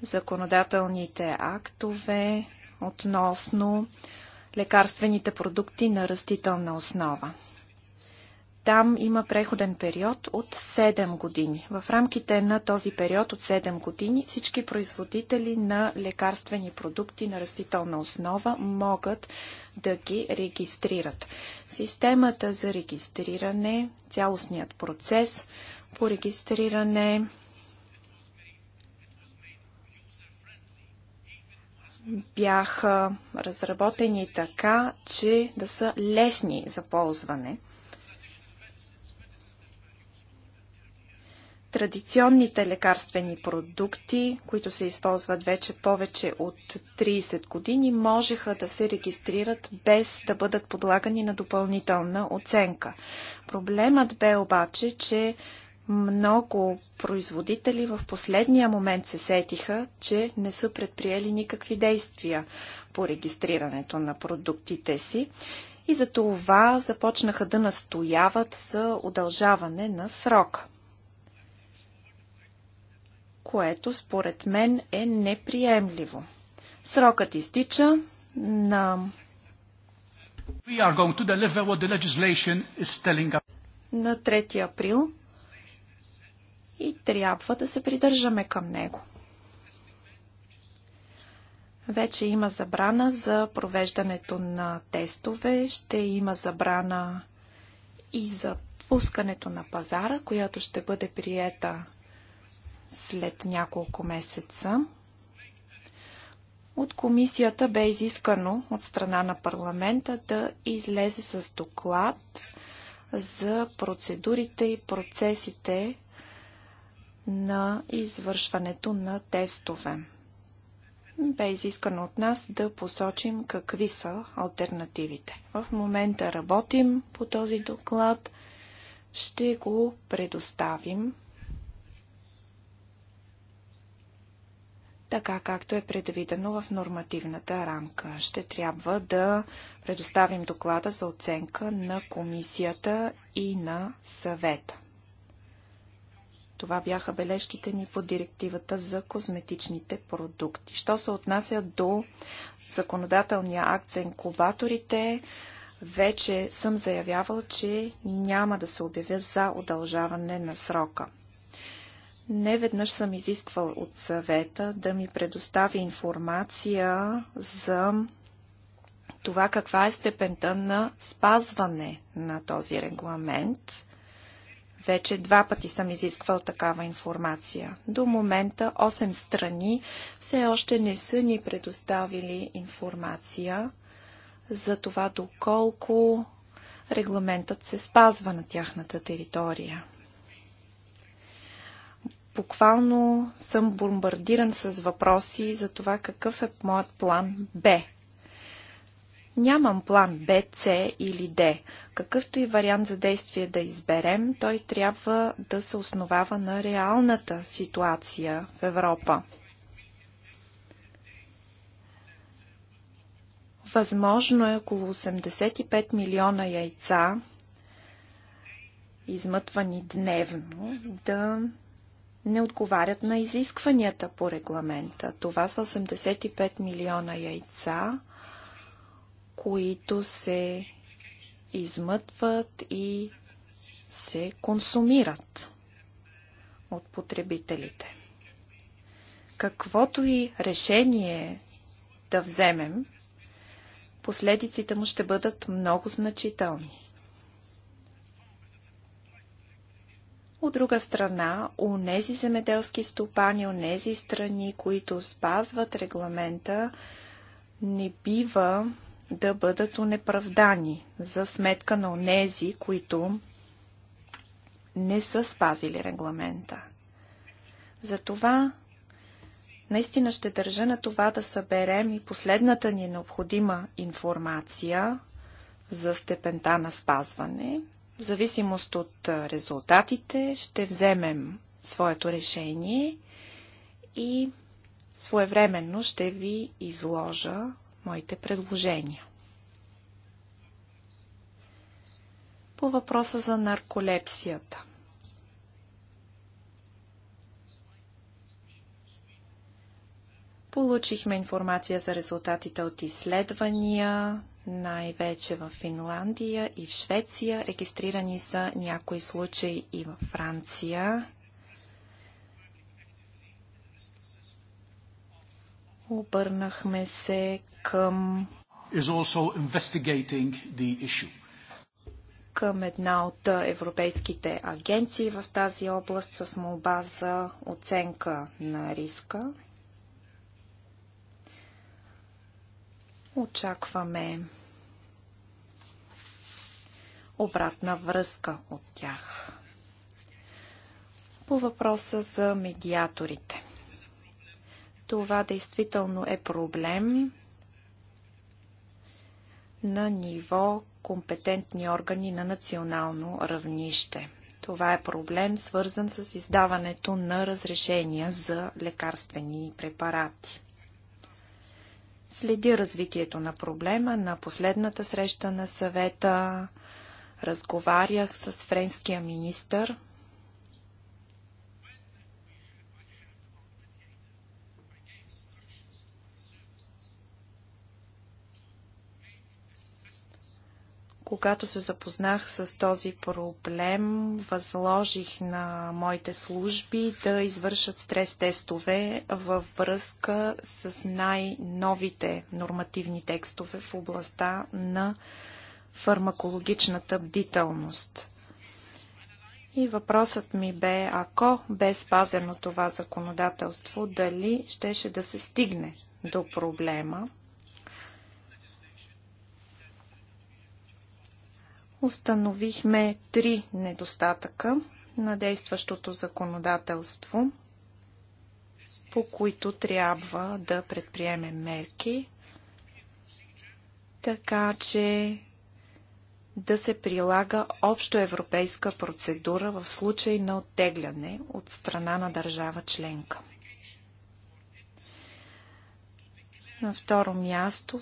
законодателните актове относно лекарствените продукти на растителна основа. Там има преходен период от 7 години. В рамките на този период от 7 години всички производители на лекарствени продукти на растителна основа могат да ги регистрират. Системата за регистриране, цялостният процес по регистриране бяха разработени така, че да са лесни за ползване – традиционните лекарствени продукти, които се използват вече повече от 30 години, можеха да се регистрират без да бъдат подлагани на допълнителна оценка. Проблемът бе обаче, че много производители в последния момент се сетиха, че не са предприели никакви действия по регистрирането на продуктите си и за това започнаха да настояват за удължаване на срока което според мен е неприемливо. Срокът изтича на на 3 април и трябва да се придържаме към него. Вече има забрана за провеждането на тестове, ще има забрана и за пускането на пазара, която ще бъде приета след няколко месеца, от комисията бе изискано от страна на парламента да излезе с доклад за процедурите и процесите на извършването на тестове. Бе изискано от нас да посочим какви са альтернативите. В момента работим по този доклад. Ще го предоставим така както е предвидено в нормативната рамка. Ще трябва да предоставим доклада за оценка на комисията и на съвета. Това бяха бележките ни по директивата за козметичните продукти. Що се отнася до законодателния акт за инкубаторите, вече съм заявявал, че няма да се обявя за удължаване на срока. Не веднъж съм изисквал от съвета да ми предостави информация за това каква е степента на спазване на този регламент. Вече два пъти съм изисквал такава информация. До момента 8 страни все още не са ни предоставили информация за това доколко регламентът се спазва на тяхната територия буквално съм бомбардиран с въпроси за това какъв е моят план Б. Нямам план Б, С или Д. Какъвто и вариант за действие да изберем, той трябва да се основава на реалната ситуация в Европа. Възможно е около 85 милиона яйца, измътвани дневно, да не отговарят на изискванията по регламента. Това са 85 милиона яйца, които се измътват и се консумират от потребителите. Каквото и решение да вземем, последиците му ще бъдат много значителни. От друга страна, у нези земеделски стопани, у нези страни, които спазват регламента, не бива да бъдат унеправдани за сметка на онези, които не са спазили регламента. Затова наистина ще държа на това да съберем и последната ни необходима информация за степента на спазване, в зависимост от резултатите ще вземем своето решение и своевременно ще ви изложа моите предложения. По въпроса за нарколепсията. Получихме информация за резултатите от изследвания, най-вече в Финландия и в Швеция. Регистрирани са някои случаи и във Франция. Обърнахме се към към една от европейските агенции в тази област с молба за оценка на риска. Очакваме обратна връзка от тях. По въпроса за медиаторите. Това действително е проблем на ниво компетентни органи на национално равнище. Това е проблем, свързан с издаването на разрешения за лекарствени препарати. Следи развитието на проблема. На последната среща на съвета разговарях с френския министър Когато се запознах с този проблем, възложих на моите служби да извършат стрес-тестове във връзка с най-новите нормативни текстове в областта на фармакологичната бдителност. И въпросът ми бе, ако бе спазено това законодателство, дали щеше да се стигне до проблема, Установихме три недостатъка на действащото законодателство, по които трябва да предприемем мерки, така че да се прилага общо европейска процедура в случай на оттегляне от страна на държава членка. На второ място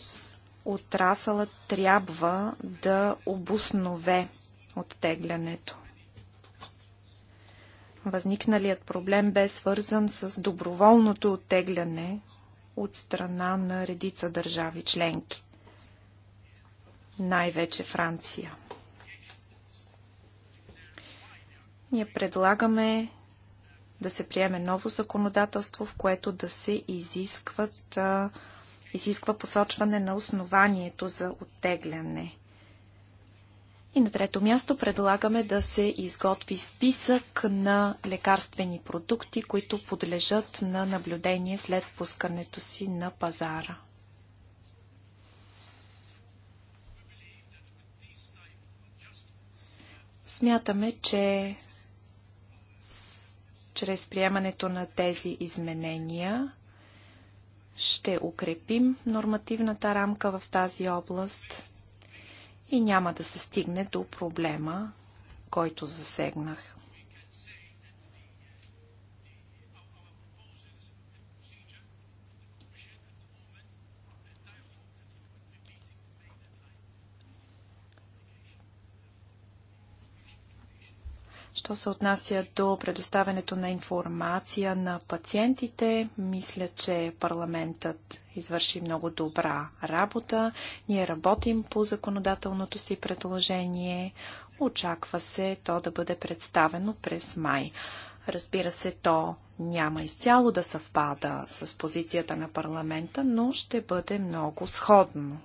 отрасълът трябва да обоснове оттеглянето. Възникналият проблем бе свързан с доброволното оттегляне от страна на редица държави членки, най-вече Франция. Ние предлагаме да се приеме ново законодателство, в което да се изискват а, изисква посочване на основанието за оттегляне. И на трето място предлагаме да се изготви списък на лекарствени продукти, които подлежат на наблюдение след пускането си на пазара. Смятаме, че чрез приемането на тези изменения ще укрепим нормативната рамка в тази област и няма да се стигне до проблема, който засегнах. Що се отнася до предоставянето на информация на пациентите, мисля, че парламентът извърши много добра работа. Ние работим по законодателното си предложение. Очаква се то да бъде представено през май. Разбира се, то няма изцяло да съвпада с позицията на парламента, но ще бъде много сходно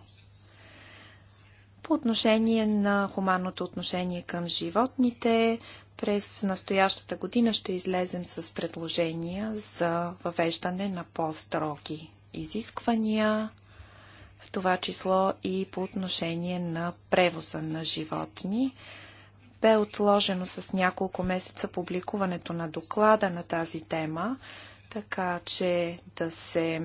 по отношение на хуманното отношение към животните, през настоящата година ще излезем с предложения за въвеждане на по-строги изисквания, в това число и по отношение на превоза на животни. Бе отложено с няколко месеца публикуването на доклада на тази тема, така че да се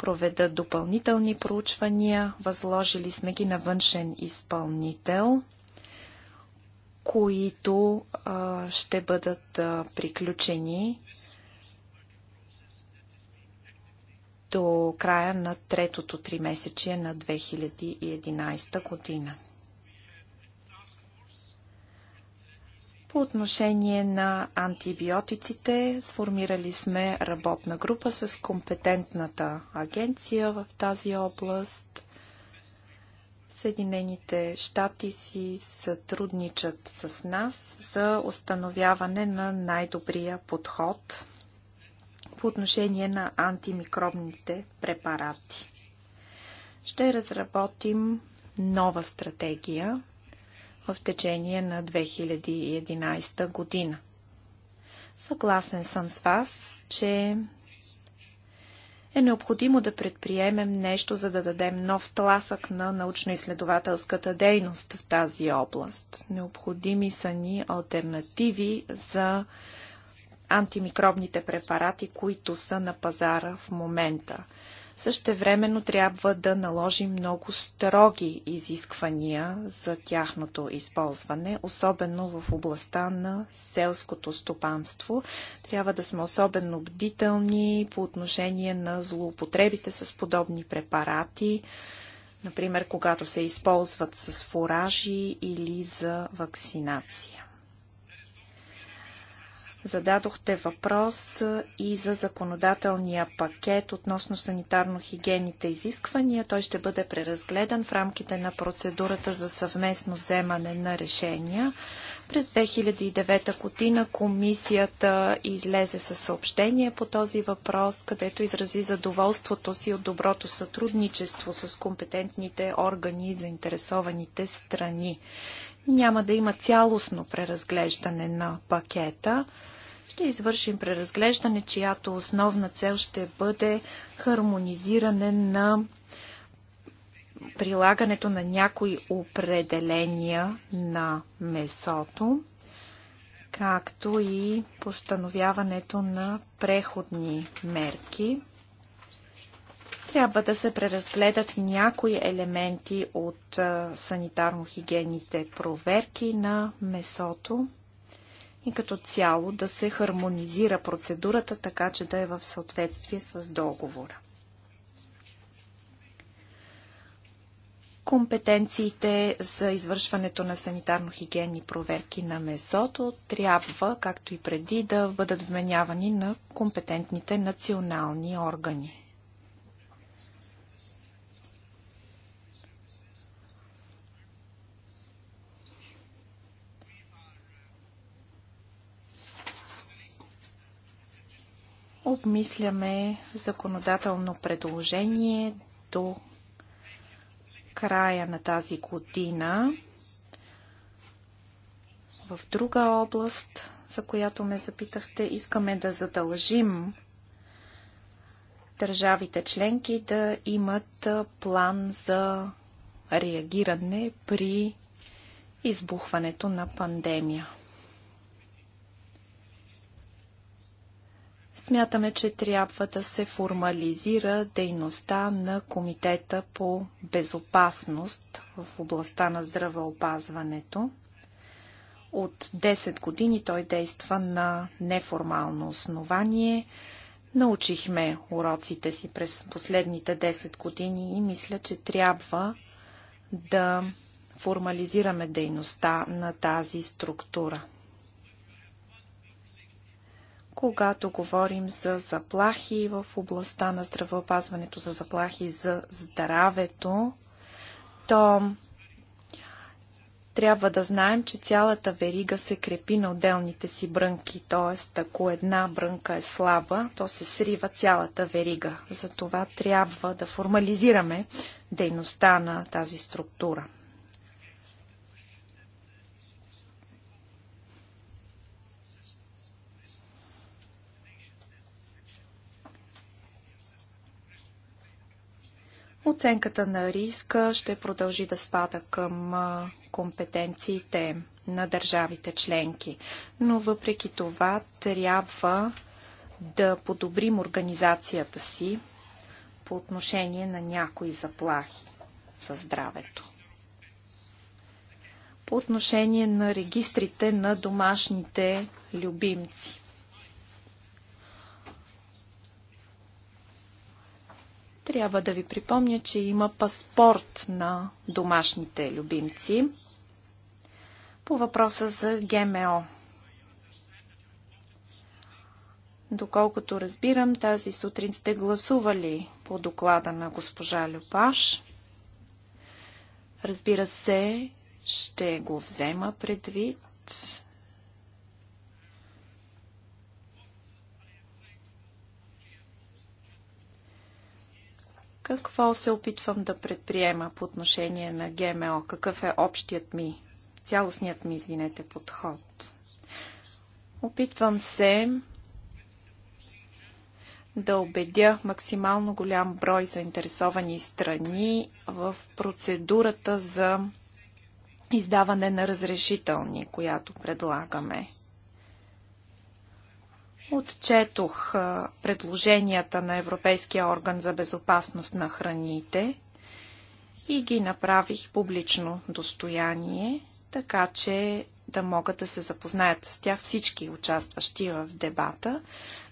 проведат допълнителни проучвания. Възложили сме ги на външен изпълнител, които а, ще бъдат а, приключени до края на третото тримесечие на 2011 година. По отношение на антибиотиците, сформирали сме работна група с компетентната агенция в тази област. Съединените щати си сътрудничат с нас за установяване на най-добрия подход по отношение на антимикробните препарати. Ще разработим нова стратегия в течение на 2011 година. Съгласен съм с вас, че е необходимо да предприемем нещо, за да дадем нов тласък на научно-изследователската дейност в тази област. Необходими са ни альтернативи за антимикробните препарати, които са на пазара в момента. Същевременно трябва да наложим много строги изисквания за тяхното използване, особено в областта на селското стопанство. Трябва да сме особено бдителни по отношение на злоупотребите с подобни препарати, например, когато се използват с фуражи или за вакцинация. Зададохте въпрос и за законодателния пакет относно санитарно-хигиените изисквания. Той ще бъде преразгледан в рамките на процедурата за съвместно вземане на решения. През 2009 година комисията излезе със съобщение по този въпрос, където изрази задоволството си от доброто сътрудничество с компетентните органи и заинтересованите страни няма да има цялостно преразглеждане на пакета. Ще извършим преразглеждане, чиято основна цел ще бъде хармонизиране на прилагането на някои определения на месото, както и постановяването на преходни мерки. Трябва да се преразгледат някои елементи от санитарно-хигиените проверки на месото и като цяло да се хармонизира процедурата, така че да е в съответствие с договора. компетенциите за извършването на санитарно-хигиенни проверки на месото трябва, както и преди, да бъдат вменявани на компетентните национални органи. обмисляме законодателно предложение до края на тази година в друга област, за която ме запитахте, искаме да задължим държавите членки да имат план за реагиране при избухването на пандемия. Смятаме, че трябва да се формализира дейността на Комитета по безопасност в областта на здравеопазването. От 10 години той действа на неформално основание. Научихме уроците си през последните 10 години и мисля, че трябва да формализираме дейността на тази структура когато говорим за заплахи в областта на здравеопазването, за заплахи за здравето, то трябва да знаем, че цялата верига се крепи на отделните си брънки, т.е. ако една брънка е слаба, то се срива цялата верига. Затова трябва да формализираме дейността на тази структура. Оценката на риска ще продължи да спада към компетенциите на държавите членки. Но въпреки това трябва да подобрим организацията си по отношение на някои заплахи за здравето. По отношение на регистрите на домашните любимци. Трябва да ви припомня, че има паспорт на домашните любимци по въпроса за ГМО. Доколкото разбирам, тази сутрин сте гласували по доклада на госпожа Люпаш. Разбира се, ще го взема предвид Какво се опитвам да предприема по отношение на ГМО? Какъв е общият ми, цялостният ми, извинете, подход? Опитвам се да убедя максимално голям брой заинтересовани страни в процедурата за издаване на разрешителни, която предлагаме. Отчетох предложенията на Европейския орган за безопасност на храните и ги направих публично достояние, така че да могат да се запознаят с тях всички участващи в дебата.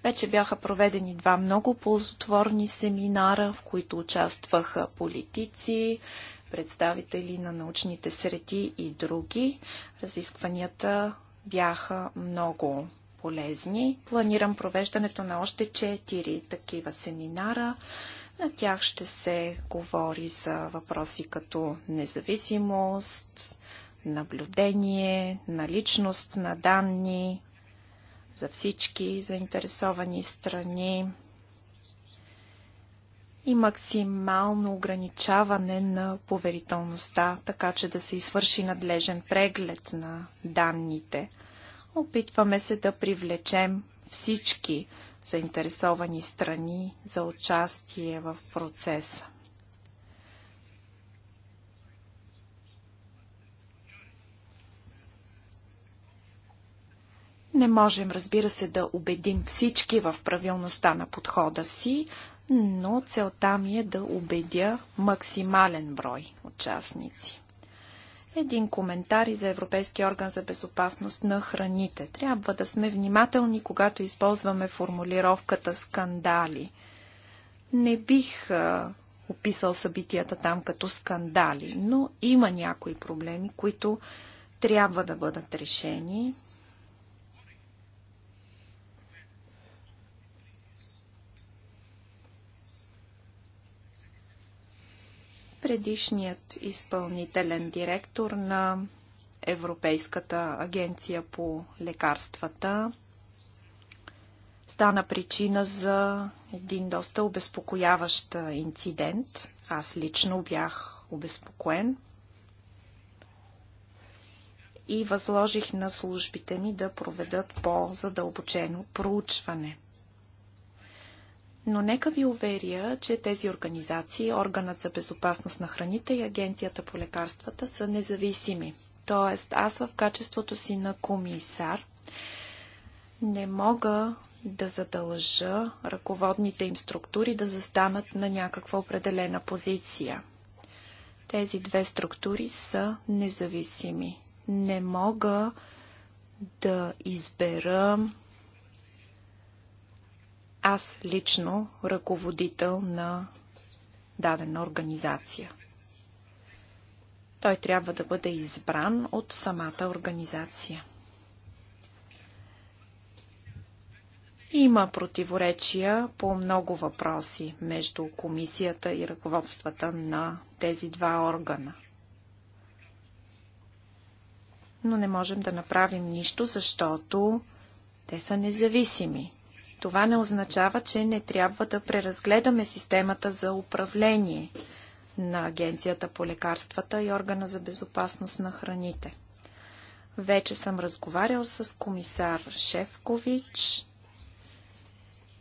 Вече бяха проведени два много ползотворни семинара, в които участваха политици, представители на научните среди и други. Разискванията бяха много полезни. Планирам провеждането на още 4 такива семинара. На тях ще се говори за въпроси като независимост, наблюдение, наличност на данни за всички заинтересовани страни и максимално ограничаване на поверителността, така че да се извърши надлежен преглед на данните. Опитваме се да привлечем всички заинтересовани страни за участие в процеса. Не можем, разбира се, да убедим всички в правилността на подхода си, но целта ми е да убедя максимален брой участници. Един коментар и за Европейския орган за безопасност на храните. Трябва да сме внимателни, когато използваме формулировката скандали. Не бих а, описал събитията там като скандали, но има някои проблеми, които трябва да бъдат решени. предишният изпълнителен директор на Европейската агенция по лекарствата стана причина за един доста обезпокояващ инцидент. Аз лично бях обезпокоен и възложих на службите ми да проведат по-задълбочено проучване – но нека ви уверя, че тези организации, Органът за безопасност на храните и Агенцията по лекарствата са независими. Тоест, аз в качеството си на комисар не мога да задължа ръководните им структури да застанат на някаква определена позиция. Тези две структури са независими. Не мога да избера аз лично ръководител на дадена организация. Той трябва да бъде избран от самата организация. Има противоречия по много въпроси между комисията и ръководствата на тези два органа. Но не можем да направим нищо, защото те са независими. Това не означава, че не трябва да преразгледаме системата за управление на Агенцията по лекарствата и органа за безопасност на храните. Вече съм разговарял с комисар Шефкович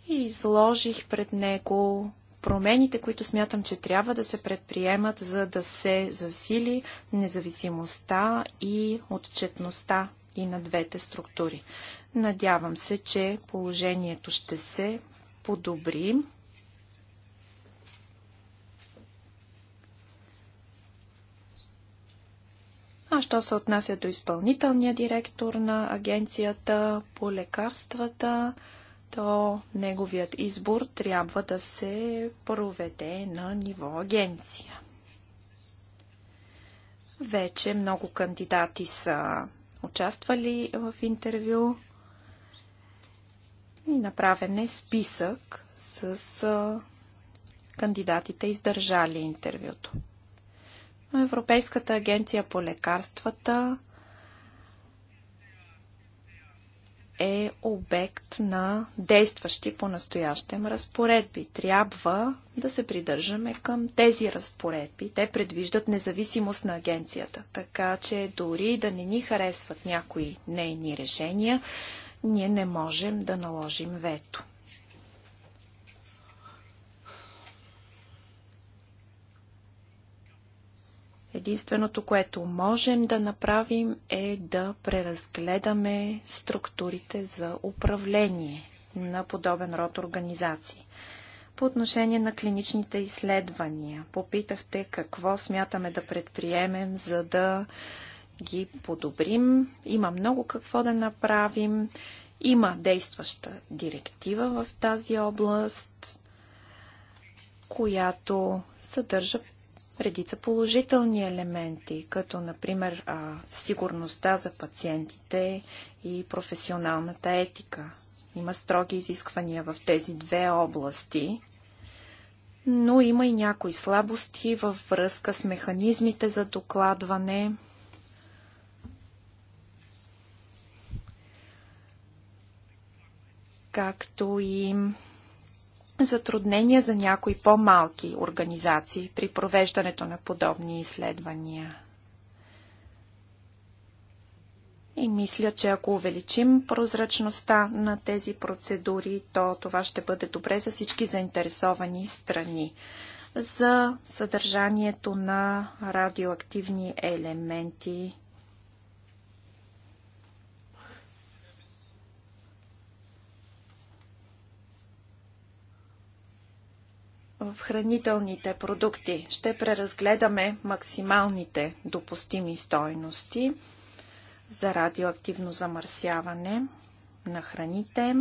и изложих пред него промените, които смятам, че трябва да се предприемат, за да се засили независимостта и отчетността и на двете структури. Надявам се, че положението ще се подобри. А що се отнася до изпълнителния директор на агенцията по лекарствата, то неговият избор трябва да се проведе на ниво агенция. Вече много кандидати са участвали в интервю. И направен е списък с кандидатите, издържали интервюто. Европейската агенция по лекарствата е обект на действащи по настоящем разпоредби. Трябва да се придържаме към тези разпоредби. Те предвиждат независимост на агенцията, така че дори да не ни харесват някои нейни решения, ние не можем да наложим вето. Единственото, което можем да направим е да преразгледаме структурите за управление на подобен род организации. По отношение на клиничните изследвания, попитахте какво смятаме да предприемем, за да ги подобрим. Има много какво да направим. Има действаща директива в тази област, която съдържа редица положителни елементи, като например сигурността за пациентите и професионалната етика. Има строги изисквания в тези две области, но има и някои слабости във връзка с механизмите за докладване – както и затруднения за някои по-малки организации при провеждането на подобни изследвания. И мисля, че ако увеличим прозрачността на тези процедури, то това ще бъде добре за всички заинтересовани страни. За съдържанието на радиоактивни елементи в хранителните продукти. Ще преразгледаме максималните допустими стойности за радиоактивно замърсяване на храните.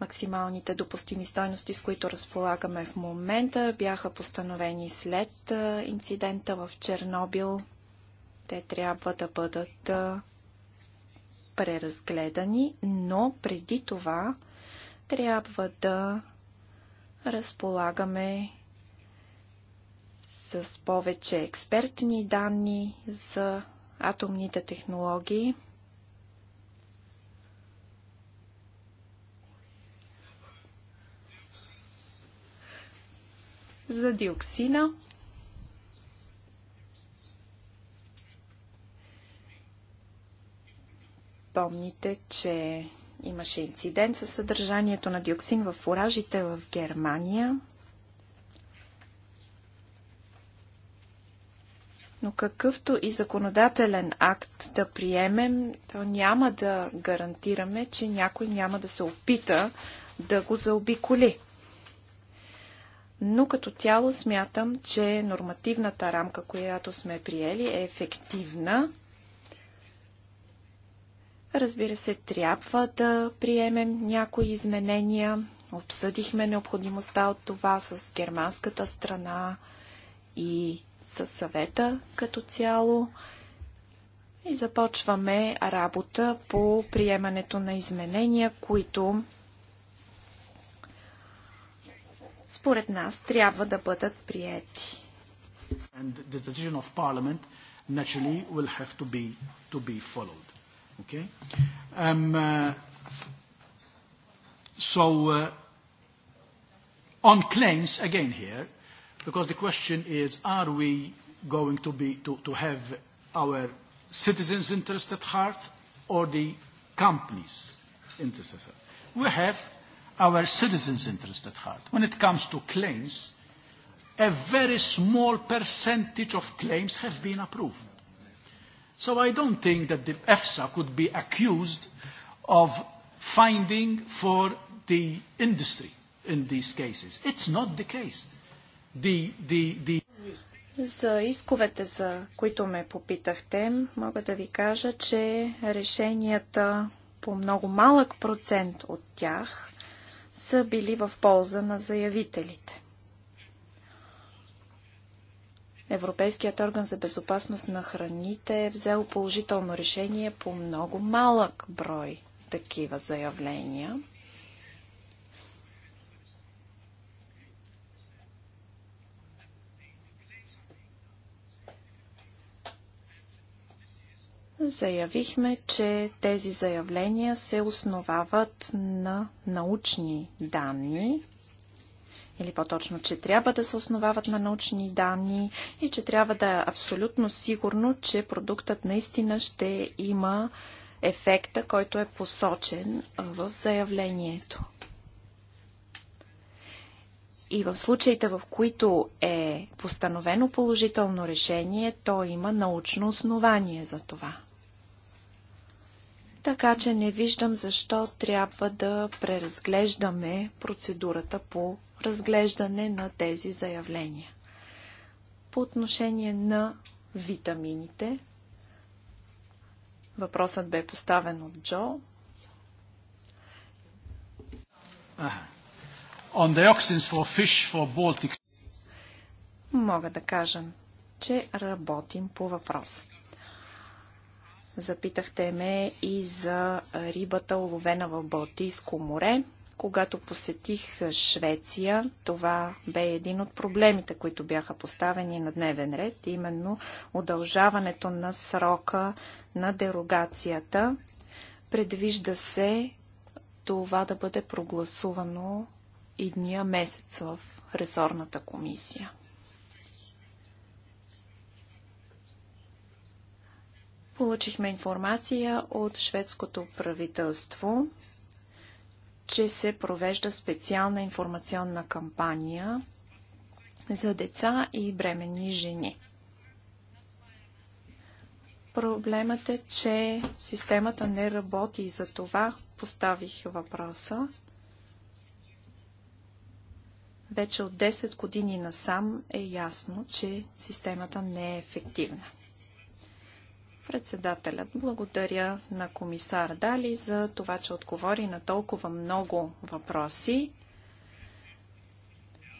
Максималните допустими стойности, с които разполагаме в момента, бяха постановени след инцидента в Чернобил. Те трябва да бъдат преразгледани, но преди това трябва да разполагаме с повече експертни данни за атомните технологии. За диоксина Помните, че имаше инцидент със съдържанието на диоксин в фуражите в Германия. Но какъвто и законодателен акт да приемем, то няма да гарантираме, че някой няма да се опита да го заобиколи. Но като цяло смятам, че нормативната рамка, която сме приели, е ефективна Разбира се, трябва да приемем някои изменения. Обсъдихме необходимостта от това с германската страна и с съвета като цяло. И започваме работа по приемането на изменения, които според нас трябва да бъдат приети. And this decision of Parliament naturally will have to be, to be followed. Okay? Um, uh, so, uh, on claims, again here, because the question is, are we going to, be, to, to have our citizens' interest at heart or the companies' interest at heart? We have our citizens' interest at heart. When it comes to claims, a very small percentage of claims have been approved So I don't think that the EFSA could be accused of finding for the industry in these cases. It's not the case. The, the, the... За исковете, за които ме попитахте, мога да ви кажа, че решенията по много малък процент от тях са били в полза на заявителите. Европейският орган за безопасност на храните е взел положително решение по много малък брой такива заявления. заявихме, че тези заявления се основават на научни данни или по-точно, че трябва да се основават на научни данни и че трябва да е абсолютно сигурно, че продуктът наистина ще има ефекта, който е посочен в заявлението. И в случаите, в които е постановено положително решение, то има научно основание за това. Така че не виждам защо трябва да преразглеждаме процедурата по разглеждане на тези заявления. По отношение на витамините, въпросът бе поставен от Джо. On for fish for Baltic. Мога да кажа, че работим по въпроса. Запитахте ме и за рибата, уловена в Балтийско море. Когато посетих Швеция, това бе един от проблемите, които бяха поставени на дневен ред, именно удължаването на срока на дерогацията. Предвижда се това да бъде прогласувано и дния месец в ресорната комисия. Получихме информация от шведското правителство че се провежда специална информационна кампания за деца и бременни жени. Проблемът е, че системата не работи и за това поставих въпроса. Вече от 10 години насам е ясно, че системата не е ефективна. Председателят, благодаря на комисар Дали за това, че отговори на толкова много въпроси.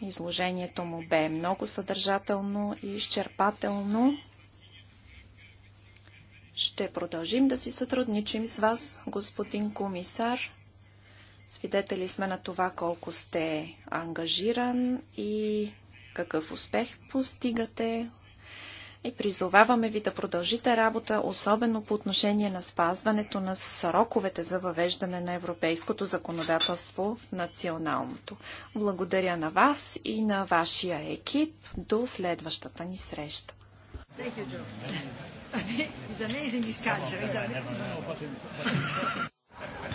Изложението му бе много съдържателно и изчерпателно. Ще продължим да си сътрудничим с вас, господин комисар. Свидетели сме на това колко сте ангажиран и какъв успех постигате и призоваваме ви да продължите работа, особено по отношение на спазването на сроковете за въвеждане на европейското законодателство в националното. Благодаря на вас и на вашия екип. До следващата ни среща. Thank you, Joe. It's amazing this culture, isn't it?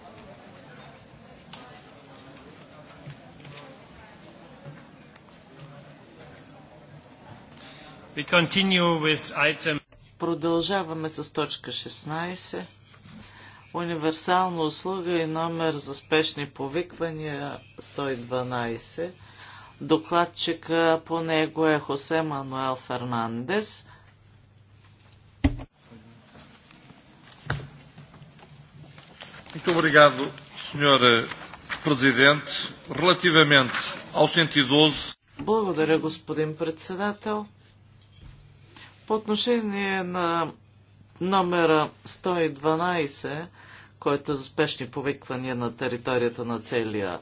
Item... Продължаваме с точка 16. Универсална услуга и номер за спешни повиквания 112. Докладчика по него е Хосе Мануел Фернандес. Muito obrigado, Sr. Presidente. Relativamente ao 112. E Благодаря, господин председател. По отношение на номера 112, който е за спешни повиквания на територията на целия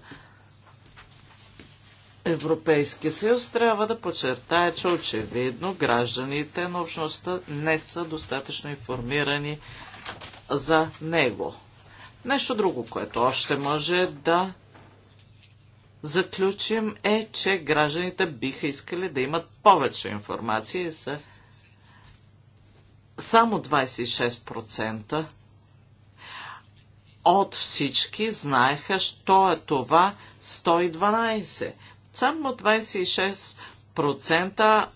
Европейски съюз, трябва да подчертая, че очевидно гражданите на общността не са достатъчно информирани за него. Нещо друго, което още може да заключим е, че гражданите биха искали да имат повече информация и са само 26% от всички знаеха, що е това 112. Само 26%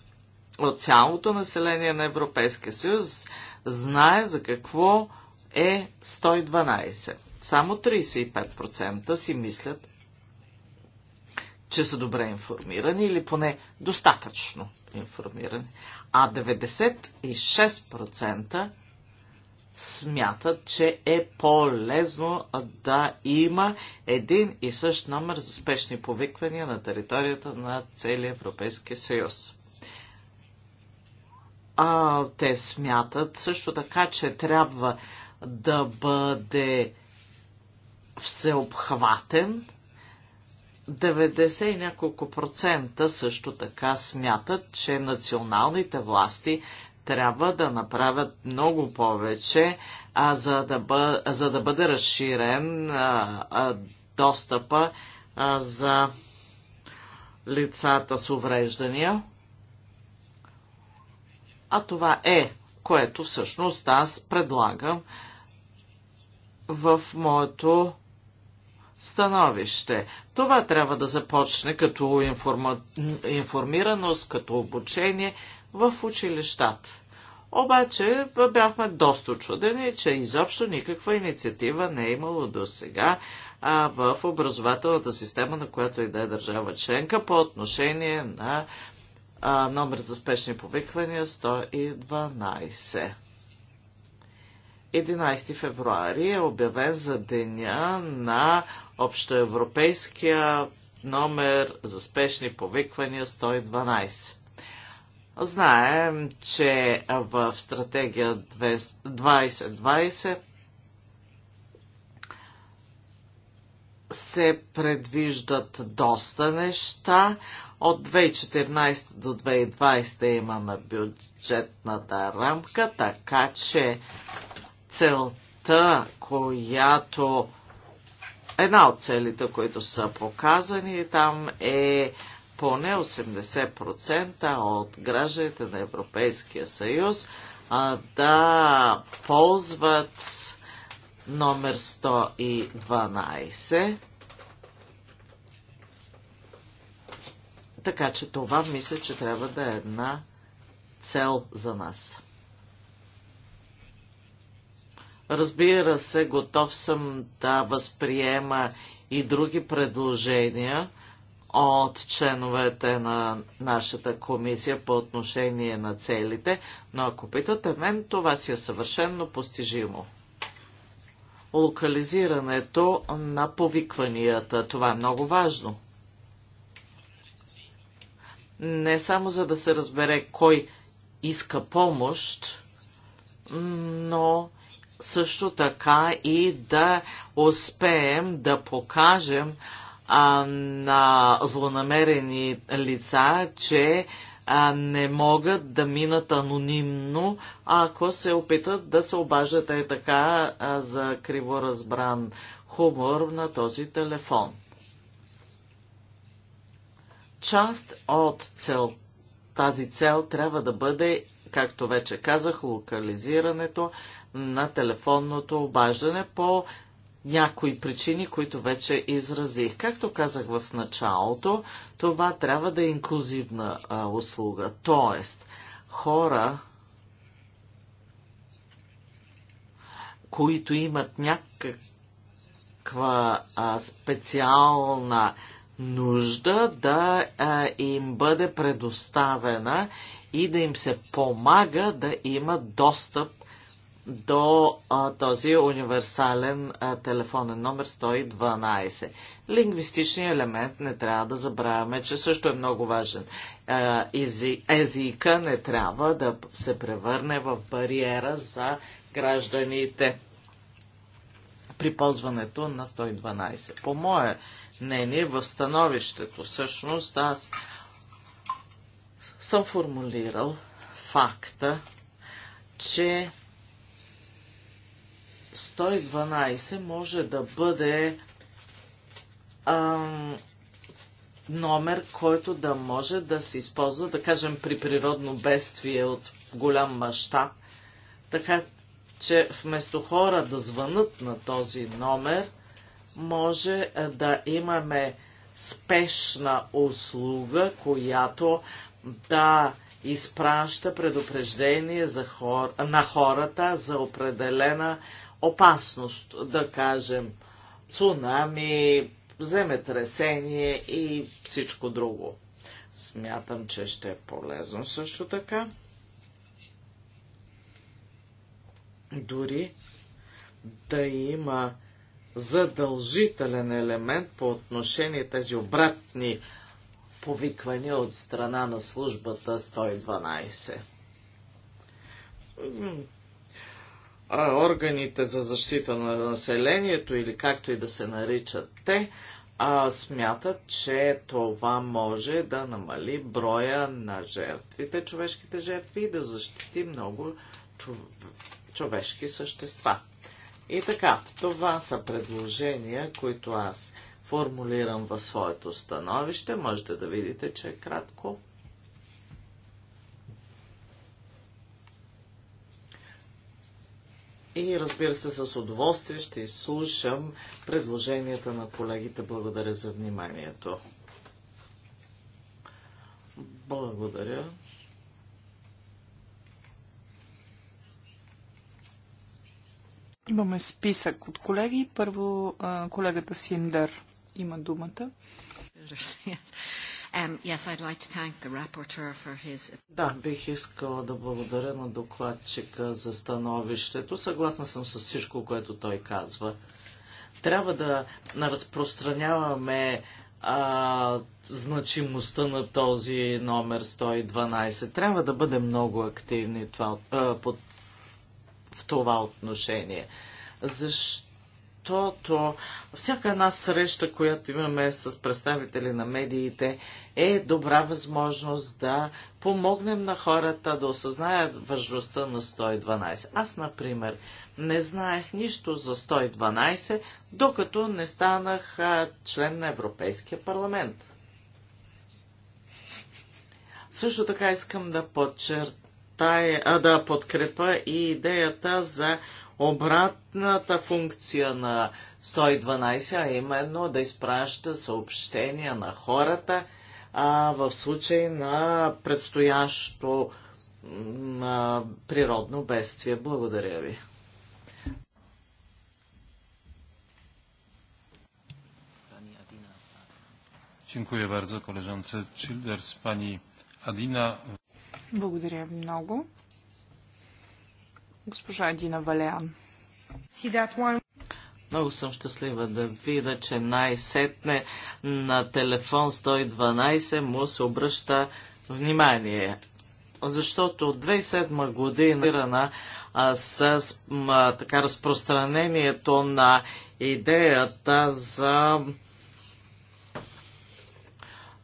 от цялото население на Европейския съюз знае за какво е 112. Само 35% си мислят, че са добре информирани или поне достатъчно информирани а 96% смятат, че е по-лесно да има един и същ номер за спешни повиквания на територията на целия Европейски съюз. А, те смятат също така, че трябва да бъде всеобхватен 90 и няколко процента също така смятат, че националните власти трябва да направят много повече, а за, да бъ, за да бъде разширен а, а, достъпа а, за лицата с увреждания. А това е, което всъщност аз предлагам в моето становище. Това трябва да започне като информа... информираност, като обучение в училищата. Обаче бяхме доста чудени, че изобщо никаква инициатива не е имало до сега в образователната система, на която и да е държава членка по отношение на а, номер за спешни повиквания 112. 11 февруари е обявен за деня на общоевропейския номер за спешни повиквания 112. Знаем, че в стратегия 2020 се предвиждат доста неща. От 2014 до 2020 имаме бюджетната рамка, така че целта, която една от целите, които са показани там е поне 80% от гражданите на Европейския съюз а, да ползват номер 112. Така че това мисля, че трябва да е една цел за нас. Разбира се, готов съм да възприема и други предложения от членовете на нашата комисия по отношение на целите, но ако питате мен, това си е съвършенно постижимо. Локализирането на повикванията, това е много важно. Не само за да се разбере кой иска помощ, но също така и да успеем да покажем а, на злонамерени лица, че а, не могат да минат анонимно, ако се опитат да се обаждат е така а, за криворазбран хумор на този телефон. Част от цел, тази цел трябва да бъде, както вече казах, локализирането на телефонното обаждане по някои причини, които вече изразих. Както казах в началото, това трябва да е инклюзивна а, услуга, Тоест, хора, които имат някаква а, специална нужда да а, им бъде предоставена и да им се помага да имат достъп до а, този универсален а, телефонен номер 112. Лингвистичният елемент не трябва да забравяме, че също е много важен. А, ези, езика не трябва да се превърне в бариера за гражданите при ползването на 112. По мое мнение, в становището всъщност аз съм формулирал факта, че 112 може да бъде ам, номер, който да може да се използва, да кажем, при природно бедствие от голям мащаб. Така че вместо хора да звънат на този номер, може е, да имаме спешна услуга, която да изпраща предупреждение за хор... на хората за определена опасност, да кажем, цунами, земетресение и всичко друго. Смятам, че ще е полезно също така. Дори да има задължителен елемент по отношение тези обратни повиквания от страна на службата 112 а, органите за защита на населението или както и да се наричат те, а, смятат, че това може да намали броя на жертвите, човешките жертви и да защити много чов... човешки същества. И така, това са предложения, които аз формулирам във своето становище. Можете да видите, че е кратко. И разбира се, с удоволствие ще изслушам предложенията на колегите. Благодаря за вниманието. Благодаря. Имаме списък от колеги. Първо колегата Синдър има думата. Um, yes, I'd like to thank the rapporteur for his... Да, бих искала да благодаря на докладчика за становището. Съгласна съм с всичко, което той казва. Трябва да разпространяваме а, значимостта на този номер 112. Трябва да бъдем много активни това, а, под, в това отношение. Защо? защото всяка една среща, която имаме с представители на медиите, е добра възможност да помогнем на хората да осъзнаят важността на 112. Аз, например, не знаех нищо за 112, докато не станах член на Европейския парламент. Също така искам да подчертая, да подкрепа и идеята за обратната функция на 112, а именно да изпраща съобщения на хората а, в случай на предстоящо а, природно бедствие. Благодаря ви. Dziękuję bardzo koleżance Childers, pani Adina. Благодаря ви много. Госпожа Дина Валян. Много съм щастлива да видя, че най-сетне на телефон 112 му се обръща внимание. Защото от 2007 година а, с а, така разпространението на идеята за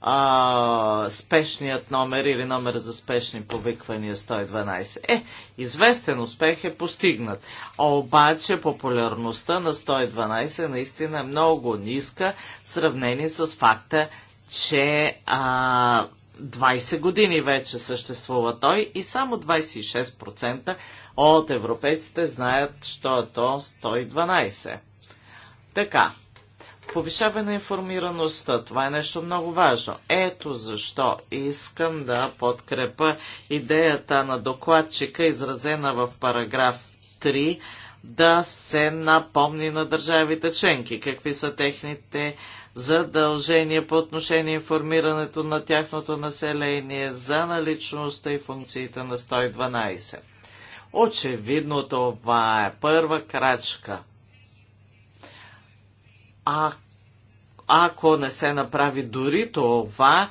а, спешният номер или номер за спешни повиквания 112. Е, известен успех е постигнат. Обаче популярността на 112 наистина е много ниска в сравнение с факта, че а, 20 години вече съществува той и само 26% от европейците знаят, що е то 112. Така, повишава на информираността. Това е нещо много важно. Ето защо искам да подкрепа идеята на докладчика, изразена в параграф 3, да се напомни на държавите членки какви са техните задължения по отношение информирането на тяхното население за наличността и функциите на 112. Очевидно това е първа крачка – а, ако не се направи дори това,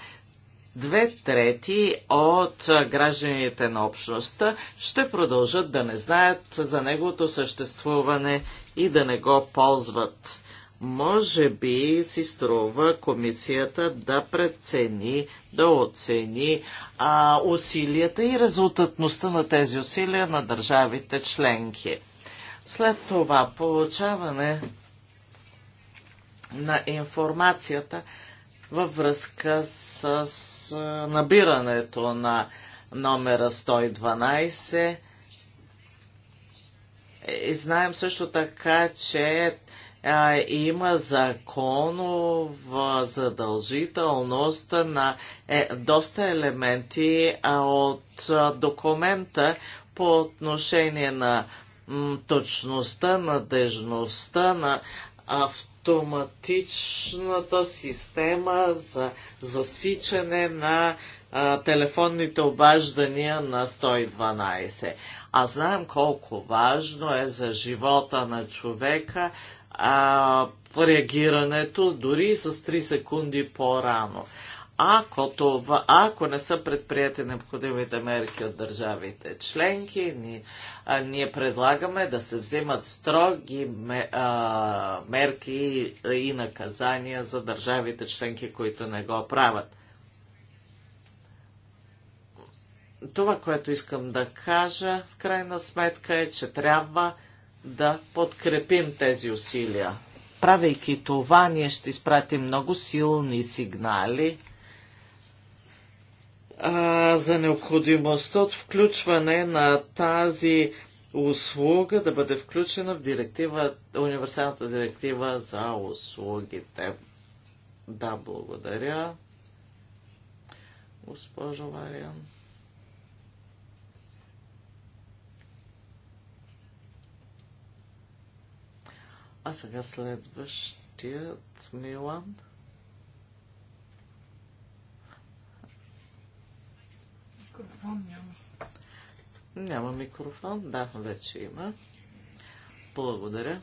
две трети от гражданите на общността ще продължат да не знаят за неговото съществуване и да не го ползват. Може би си струва комисията да прецени, да оцени а, усилията и резултатността на тези усилия на държавите членки. След това получаване на информацията във връзка с набирането на номера 112. Е, и знаем също така, че а, има законова задължителност на е, доста елементи а, от а, документа по отношение на м, точността, надежността на авто автоматичната система за засичане на а, телефонните обаждания на 112. А знаем колко важно е за живота на човека а, реагирането дори с 3 секунди по-рано ако, това, ако не са предприяти необходимите мерки от държавите членки, ни, а, ние предлагаме да се взимат строги ме, а, мерки и, и наказания за държавите членки, които не го правят. Това, което искам да кажа в крайна сметка е, че трябва да подкрепим тези усилия. Правейки това, ние ще изпратим много силни сигнали а, за необходимост от включване на тази услуга да бъде включена в директива, универсалната директива за услугите. Да, благодаря. Госпожо Вариан. А сега следващият Милан. микрофон няма. Няма микрофон, да, вече има. Благодаря.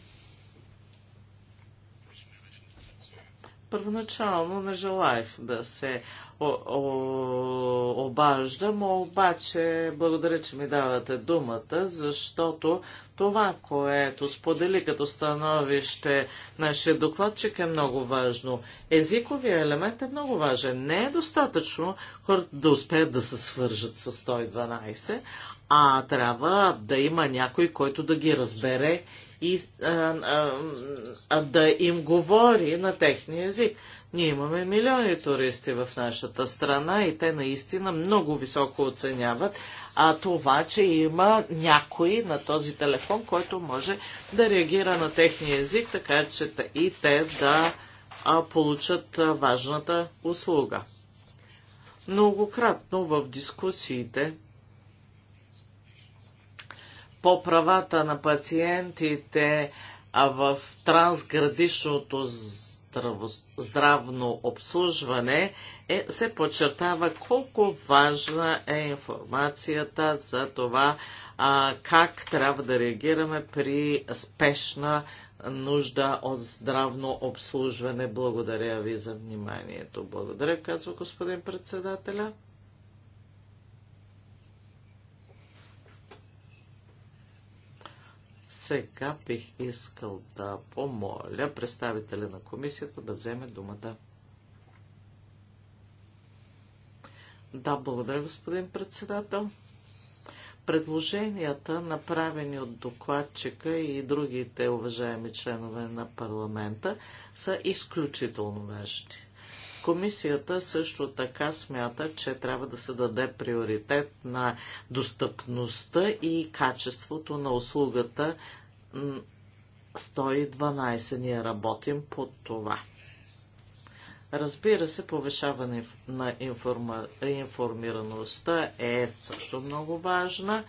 Първоначално не желаях да се о- о- обаждам, обаче благодаря, че ми давате думата, защото това, което сподели като становище нашия докладчик е много важно. Езиковия елемент е много важен. Не е достатъчно хората да успеят да се свържат с 112, а трябва да има някой, който да ги разбере и, а, а, а, да им говори на техния език. Ние имаме милиони туристи в нашата страна и те наистина много високо оценяват а това, че има някой на този телефон, който може да реагира на техния език, така че и те да получат важната услуга. Многократно в дискусиите по правата на пациентите в трансградичното здравно обслужване е, се подчертава колко важна е информацията за това а, как трябва да реагираме при спешна нужда от здравно обслужване. Благодаря ви за вниманието. Благодаря, казва господин председателя. Сега бих искал да помоля представителя на комисията да вземе думата. Да, благодаря, господин председател. Предложенията, направени от докладчика и другите уважаеми членове на парламента, са изключително важни. Комисията също така смята, че трябва да се даде приоритет на достъпността и качеството на услугата 112. Ние работим по това. Разбира се, повишаване на информа... информираността е също много важна.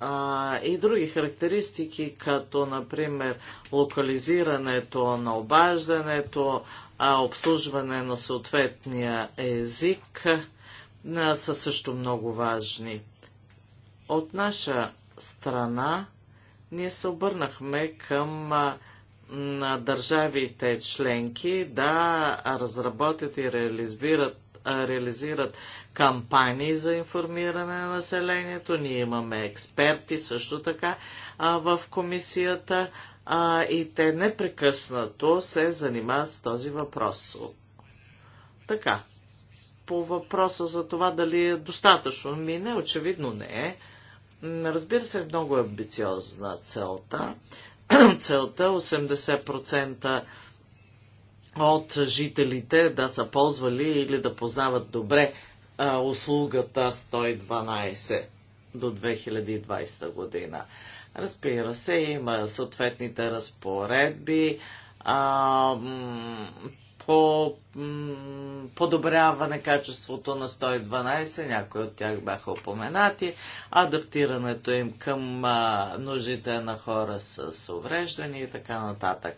А, и други характеристики, като, например, локализирането на обаждането, а, обслужване на съответния език а, са също много важни. От наша страна ние се обърнахме към а, на държавите членки да разработят и реализират, реализират кампании за информиране на населението. Ние имаме експерти също така а, в комисията, а, и те непрекъснато се занимават с този въпрос. Така, по въпроса за това дали е достатъчно, ми не, очевидно не е. Разбира се, много е амбициозна целта. целта 80% е от жителите да са ползвали или да познават добре а, услугата 112 до 2020 година. Разбира се, има съответните разпоредби а, по подобряване качеството на 112, някои от тях бяха упоменати, адаптирането им към а, нуждите на хора с, с увреждания и така нататък.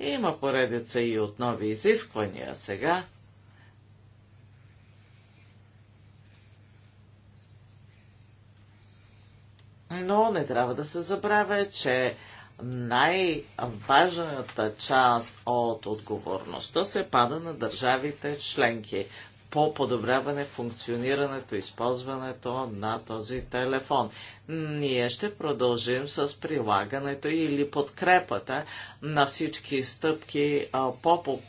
И има поредица и от нови изисквания сега, Но не трябва да се забравя, че най-важната част от отговорността се пада на държавите членки по подобряване функционирането, използването на този телефон. Ние ще продължим с прилагането или подкрепата на всички стъпки по, по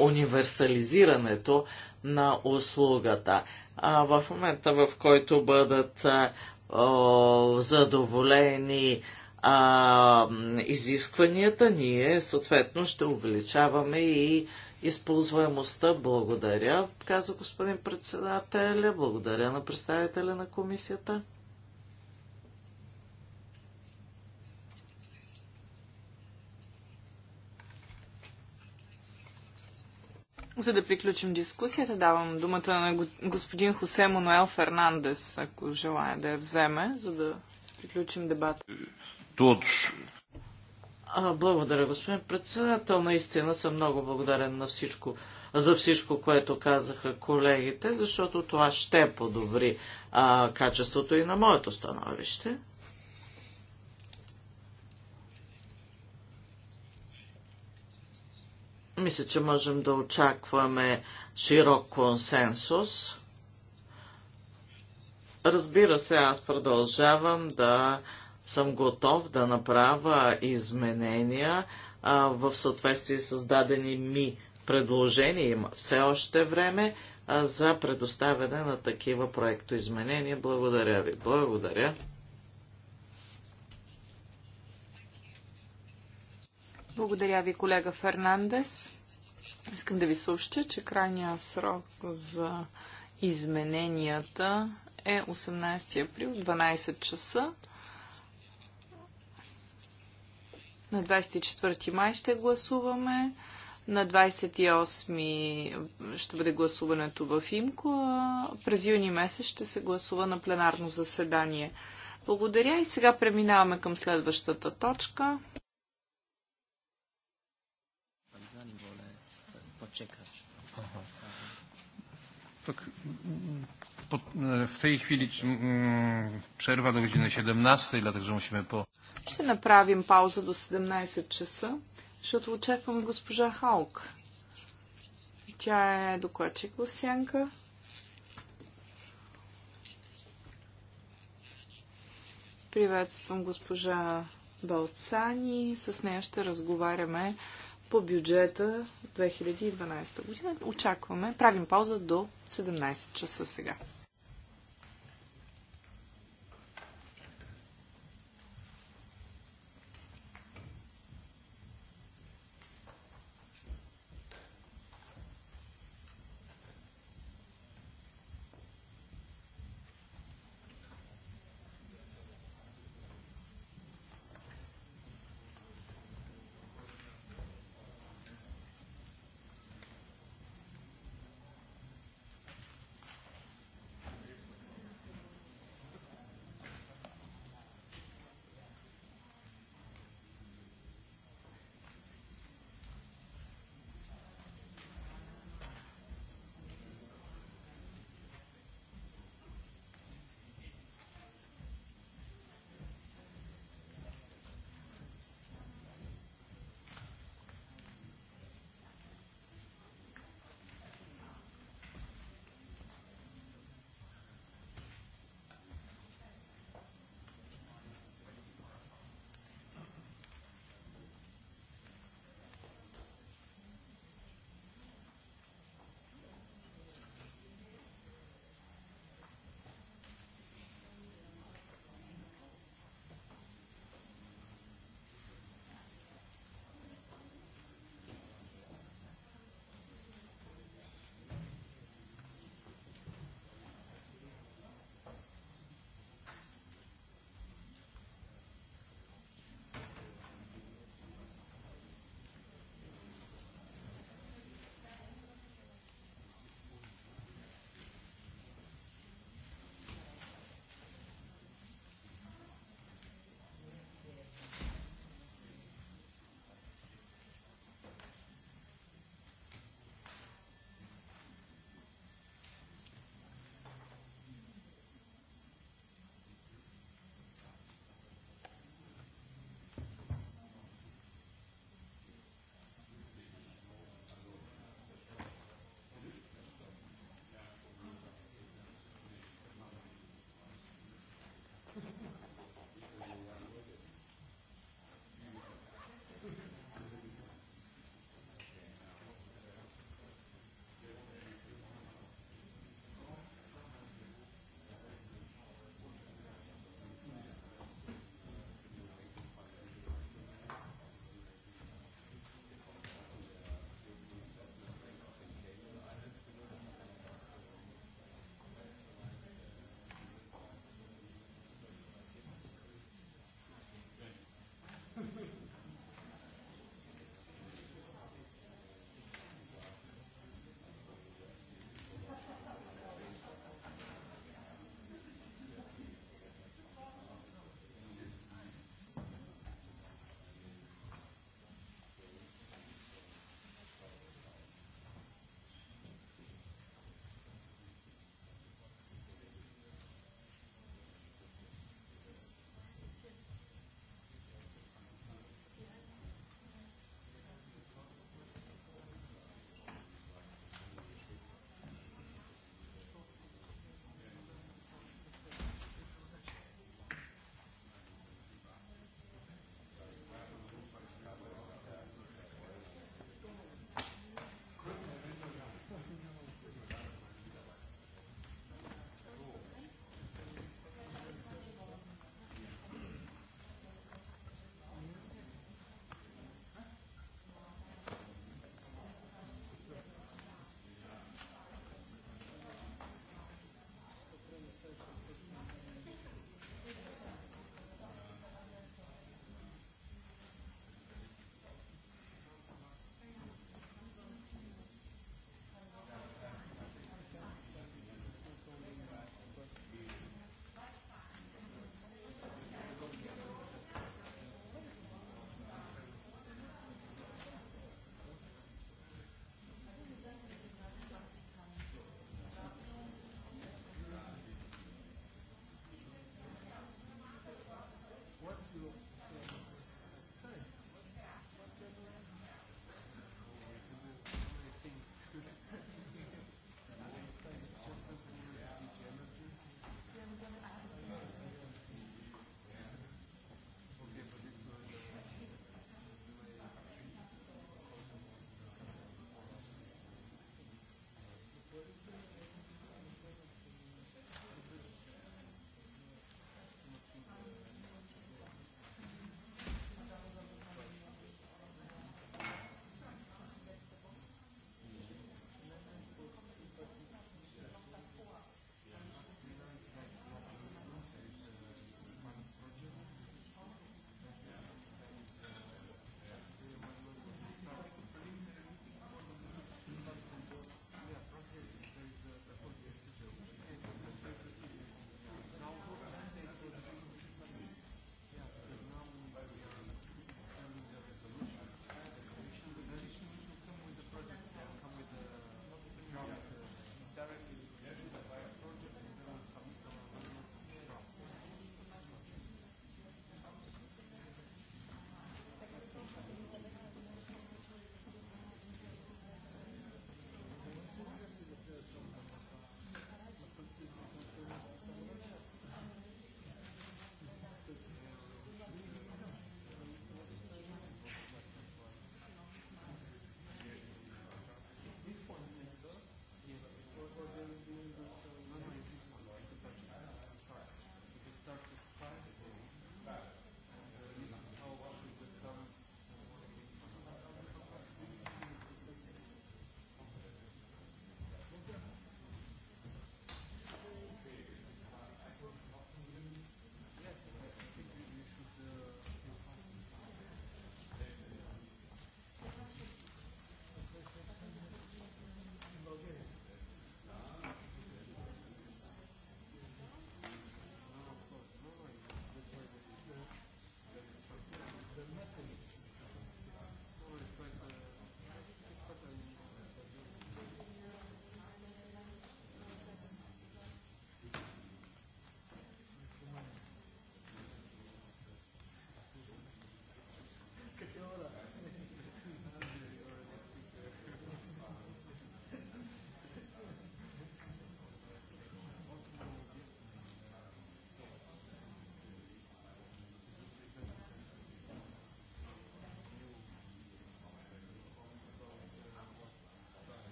универсализирането на услугата. А в момента, в който бъдат задоволени а, изискванията, ние съответно ще увеличаваме и използваемостта. Благодаря, каза господин председателя, благодаря на представителя на комисията. За да приключим дискусията, давам думата на господин Хосе Мануел Фернандес, ако желая да я вземе, за да приключим дебата. Точно. Благодаря, господин председател. Наистина съм много благодарен на всичко, за всичко, което казаха колегите, защото това ще подобри а, качеството и на моето становище. Мисля, че можем да очакваме широк консенсус. Разбира се, аз продължавам да съм готов да направя изменения а, в съответствие с дадени ми предложения. Има все още време а, за предоставяне на такива проектоизменения. Благодаря ви. Благодаря. Благодаря ви, колега Фернандес. Искам да ви съобща, че крайния срок за измененията е 18 април, 12 часа. На 24 май ще гласуваме. На 28 ще бъде гласуването в Имко, а през юни месец ще се гласува на пленарно заседание. Благодаря и сега преминаваме към следващата точка. E, w tej chwili mm, przerwa do godziny 17, dlatego że musimy po... Ще направим пауза до 17 часа, защото очаквам госпожа Халк. Тя е докладчик в Сянка. Приветствам госпожа Балцани. С нея ще разговаряме по бюджета 2012 година. Очакваме. Правим пауза до 17 часа сега.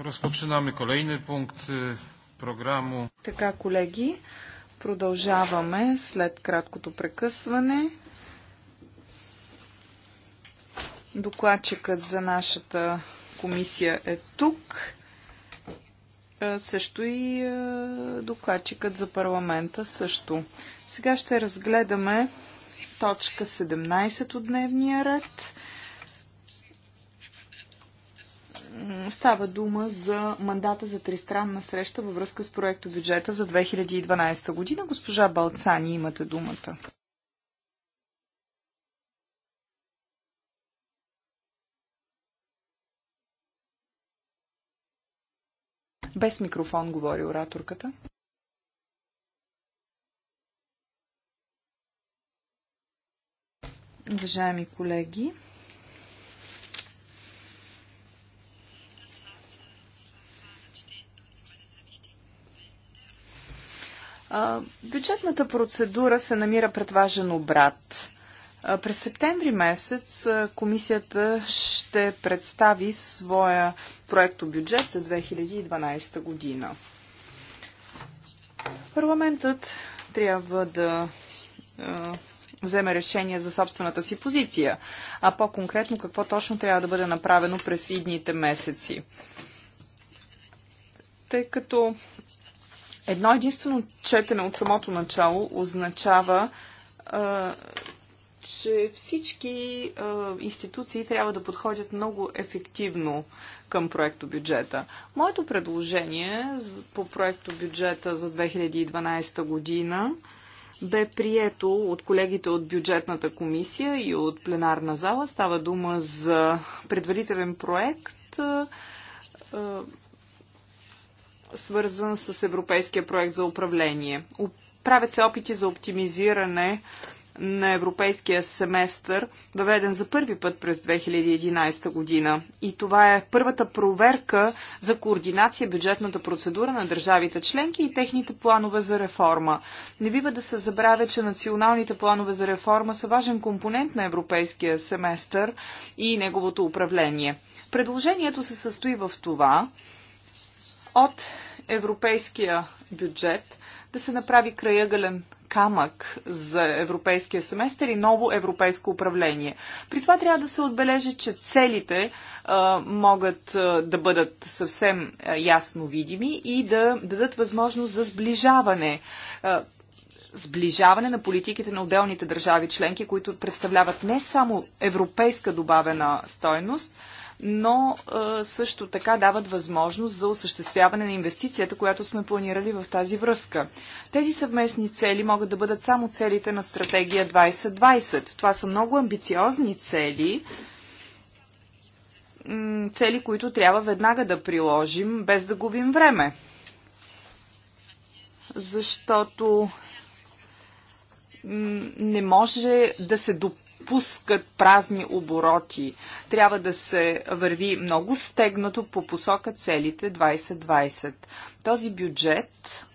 Разпочинаме колейния пункт програму. Така, колеги, продължаваме след краткото прекъсване. Докладчикът за нашата комисия е тук. Е, също и е, докладчикът за парламента също. Сега ще разгледаме точка 17 от дневния ред – Става дума за мандата за тристранна среща във връзка с проекто бюджета за 2012 година. Госпожа Балцани, имате думата. Без микрофон говори ораторката. Уважаеми колеги, бюджетната процедура се намира пред важен обрат. през септември месец комисията ще представи своя проекто бюджет за 2012 година. Парламентът трябва да вземе решение за собствената си позиция, а по-конкретно какво точно трябва да бъде направено през идните месеци. Тъй като Едно единствено четене от самото начало означава, че всички институции трябва да подходят много ефективно към проекто бюджета. Моето предложение по проекто бюджета за 2012 година бе прието от колегите от бюджетната комисия и от пленарна зала. Става дума за предварителен проект свързан с Европейския проект за управление. Правят се опити за оптимизиране на европейския семестър, въведен за първи път през 2011 година. И това е първата проверка за координация бюджетната процедура на държавите членки и техните планове за реформа. Не бива да се забравя, че националните планове за реформа са важен компонент на европейския семестър и неговото управление. Предложението се състои в това от европейския бюджет да се направи краягален камък за европейския семестър и ново европейско управление. При това трябва да се отбележи, че целите а, могат а, да бъдат съвсем а, ясно видими и да дадат възможност за сближаване. А, сближаване на политиките на отделните държави членки, които представляват не само европейска добавена стойност, но също така дават възможност за осъществяване на инвестицията, която сме планирали в тази връзка. Тези съвместни цели могат да бъдат само целите на стратегия 2020. Това са много амбициозни цели, цели, които трябва веднага да приложим, без да губим време. Защото не може да се допълнят пускат празни обороти. Трябва да се върви много стегнато по посока целите 2020. Този бюджет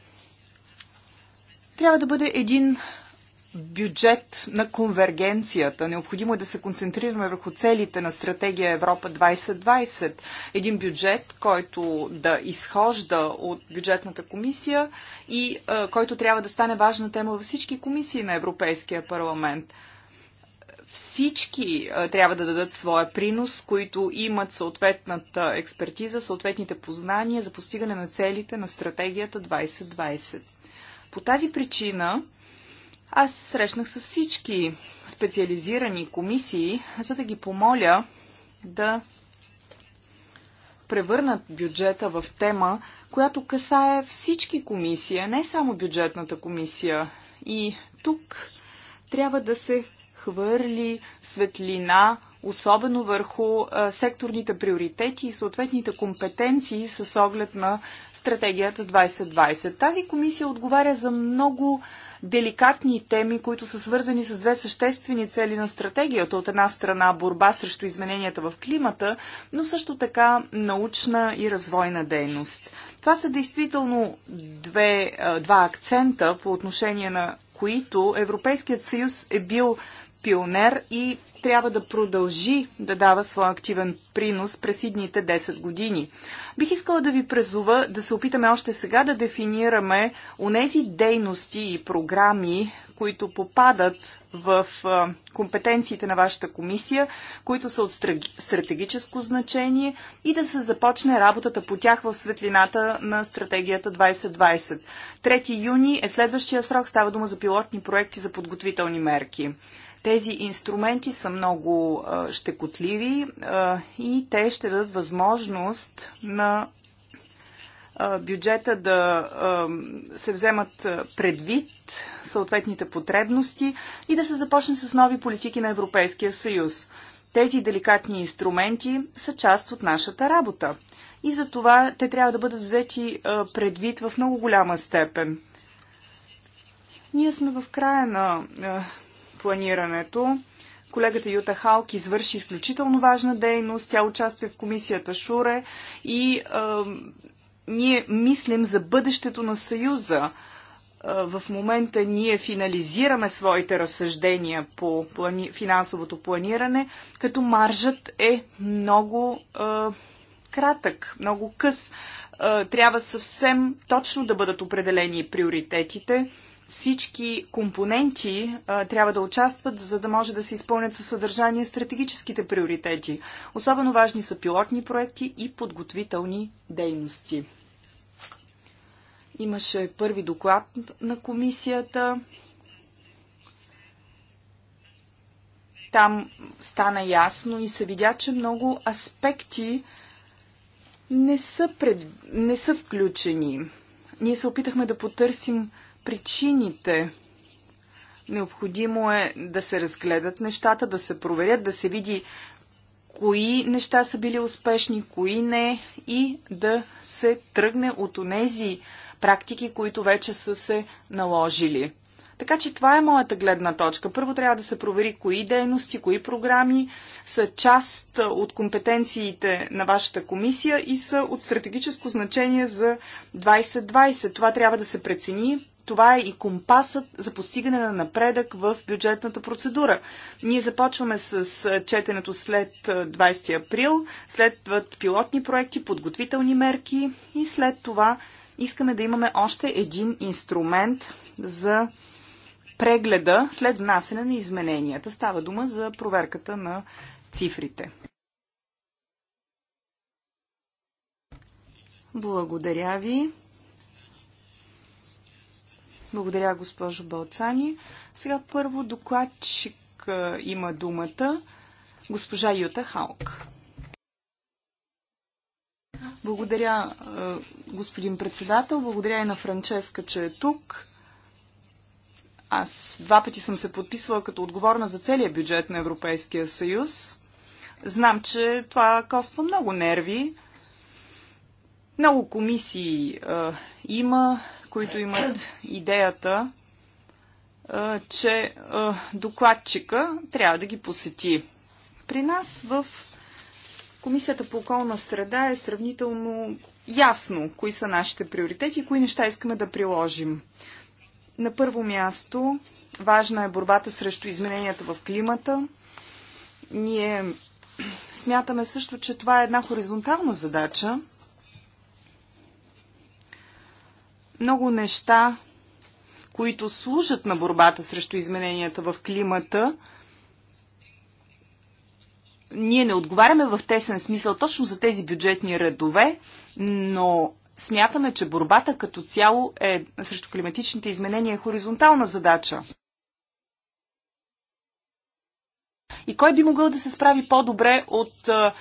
трябва да бъде един бюджет на конвергенцията. Необходимо е да се концентрираме върху целите на стратегия Европа 2020. Един бюджет, който да изхожда от бюджетната комисия и а, е, който трябва да стане важна тема във всички комисии на Европейския парламент всички трябва да дадат своя принос, които имат съответната експертиза, съответните познания за постигане на целите на стратегията 2020. По тази причина аз се срещнах с всички специализирани комисии, за да ги помоля да превърнат бюджета в тема, която касае всички комисии, не само бюджетната комисия. И тук трябва да се хвърли светлина особено върху а, секторните приоритети и съответните компетенции с оглед на стратегията 2020. Тази комисия отговаря за много деликатни теми, които са свързани с две съществени цели на стратегията. От една страна борба срещу измененията в климата, но също така научна и развойна дейност. Това са действително две, два акцента по отношение на които Европейският съюз е бил пионер и трябва да продължи да дава своя активен принос през идните 10 години. Бих искала да ви презува да се опитаме още сега да дефинираме онези дейности и програми, които попадат в компетенциите на вашата комисия, които са от стратегическо значение и да се започне работата по тях в светлината на стратегията 2020. 3 юни е следващия срок, става дума за пилотни проекти за подготвителни мерки. Тези инструменти са много щекотливи и те ще дадат възможност на бюджета да се вземат предвид съответните потребности и да се започне с нови политики на Европейския съюз. Тези деликатни инструменти са част от нашата работа и за това те трябва да бъдат взети предвид в много голяма степен. Ние сме в края на планирането. Колегата Юта Халк извърши изключително важна дейност. Тя участва в комисията Шуре и а, ние мислим за бъдещето на Съюза. В момента ние финализираме своите разсъждения по плани... финансовото планиране, като маржът е много а, кратък, много къс. А, трябва съвсем точно да бъдат определени приоритетите всички компоненти а, трябва да участват, за да може да се изпълнят със съдържание стратегическите приоритети. Особено важни са пилотни проекти и подготвителни дейности. Имаше първи доклад на комисията. Там стана ясно и се видя, че много аспекти не са, пред... не са включени. Ние се опитахме да потърсим причините. Необходимо е да се разгледат нещата, да се проверят, да се види кои неща са били успешни, кои не и да се тръгне от онези практики, които вече са се наложили. Така че това е моята гледна точка. Първо трябва да се провери кои дейности, кои програми са част от компетенциите на вашата комисия и са от стратегическо значение за 2020. Това трябва да се прецени това е и компасът за постигане на напредък в бюджетната процедура. Ние започваме с четенето след 20 април, следват пилотни проекти, подготвителни мерки и след това искаме да имаме още един инструмент за прегледа след внасене на измененията. Става дума за проверката на цифрите. Благодаря ви. Благодаря, госпожо Балцани. Сега първо докладчик има думата. Госпожа Юта Халк. Благодаря, господин председател. Благодаря и на Франческа, че е тук. Аз два пъти съм се подписвала като отговорна за целия бюджет на Европейския съюз. Знам, че това коства много нерви. Много комисии е, има, които имат идеята, че докладчика трябва да ги посети. При нас в Комисията по околна среда е сравнително ясно кои са нашите приоритети и кои неща искаме да приложим. На първо място, важна е борбата срещу измененията в климата. Ние смятаме също, че това е една хоризонтална задача, много неща, които служат на борбата срещу измененията в климата, ние не отговаряме в тесен смисъл точно за тези бюджетни редове, но смятаме, че борбата като цяло е срещу климатичните изменения е хоризонтална задача. И кой би могъл да се справи по-добре от а,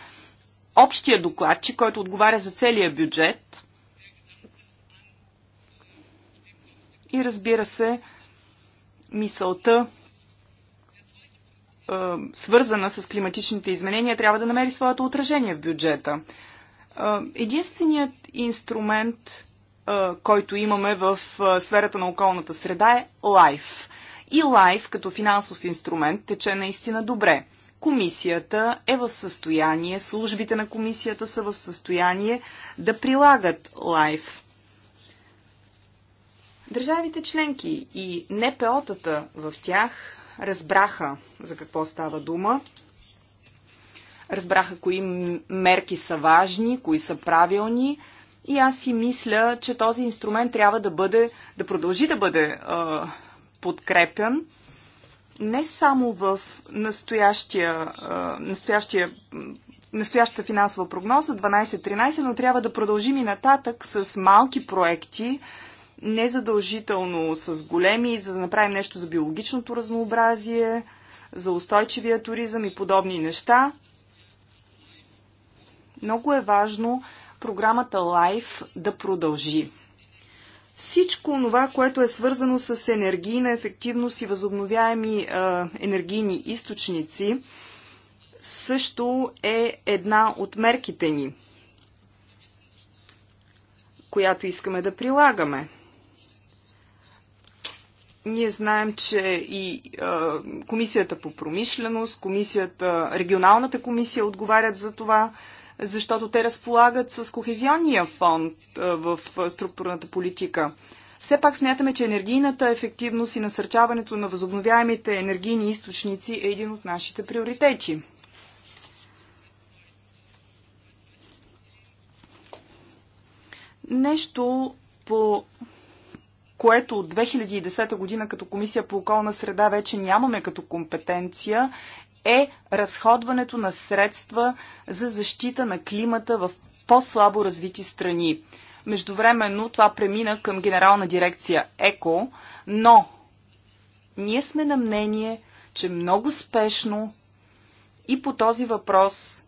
общия докладчик, който отговаря за целия бюджет? И разбира се, мисълта, свързана с климатичните изменения, трябва да намери своето отражение в бюджета. единственият инструмент, който имаме в сферата на околната среда е LIFE. И LIFE като финансов инструмент тече наистина добре. Комисията е в състояние, службите на комисията са в състояние да прилагат LIFE Държавите членки и НПО-тата в тях разбраха за какво става дума, разбраха кои мерки са важни, кои са правилни и аз си мисля, че този инструмент трябва да бъде, да продължи да бъде е, подкрепен не само в настоящия, е, настоящия настоящата финансова прогноза 12-13, но трябва да продължим и нататък с малки проекти, незадължително с големи, за да направим нещо за биологичното разнообразие, за устойчивия туризъм и подобни неща. Много е важно програмата LIFE да продължи. Всичко това, което е свързано с енергийна ефективност и възобновяеми е, енергийни източници, също е една от мерките ни, която искаме да прилагаме. Ние знаем, че и а, Комисията по промишленост, комисията, регионалната комисия отговарят за това, защото те разполагат с кохезионния фонд а, в структурната политика. Все пак смятаме, че енергийната ефективност и насърчаването на възобновяемите енергийни източници е един от нашите приоритети. Нещо по което от 2010 година като Комисия по околна среда вече нямаме като компетенция, е разходването на средства за защита на климата в по-слабо развити страни. Междувременно това премина към генерална дирекция ЕКО, но ние сме на мнение, че много спешно и по този въпрос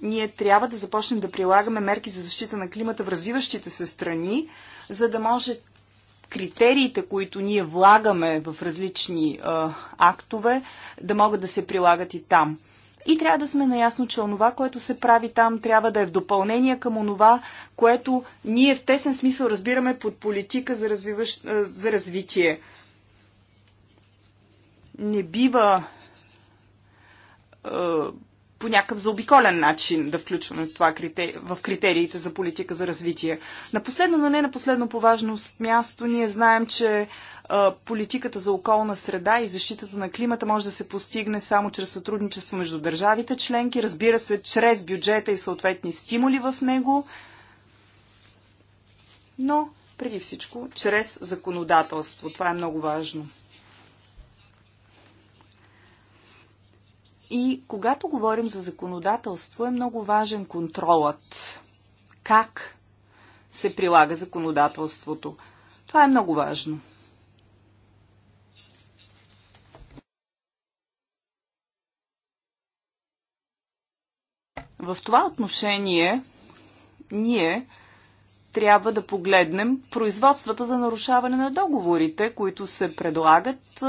ние трябва да започнем да прилагаме мерки за защита на климата в развиващите се страни, за да може критериите, които ние влагаме в различни а, актове, да могат да се прилагат и там. И трябва да сме наясно, че онова, което се прави там, трябва да е в допълнение към онова, което ние в тесен смисъл разбираме под политика за, развиваш, за развитие. Не бива по някакъв заобиколен начин да включваме в, това критери... в критериите за политика за развитие. На последно, но не на последно по важност място, ние знаем, че политиката за околна среда и защитата на климата може да се постигне само чрез сътрудничество между държавите членки, разбира се, чрез бюджета и съответни стимули в него, но преди всичко чрез законодателство. Това е много важно. И когато говорим за законодателство, е много важен контролът. Как се прилага законодателството? Това е много важно. В това отношение ние трябва да погледнем производствата за нарушаване на договорите, които се предлагат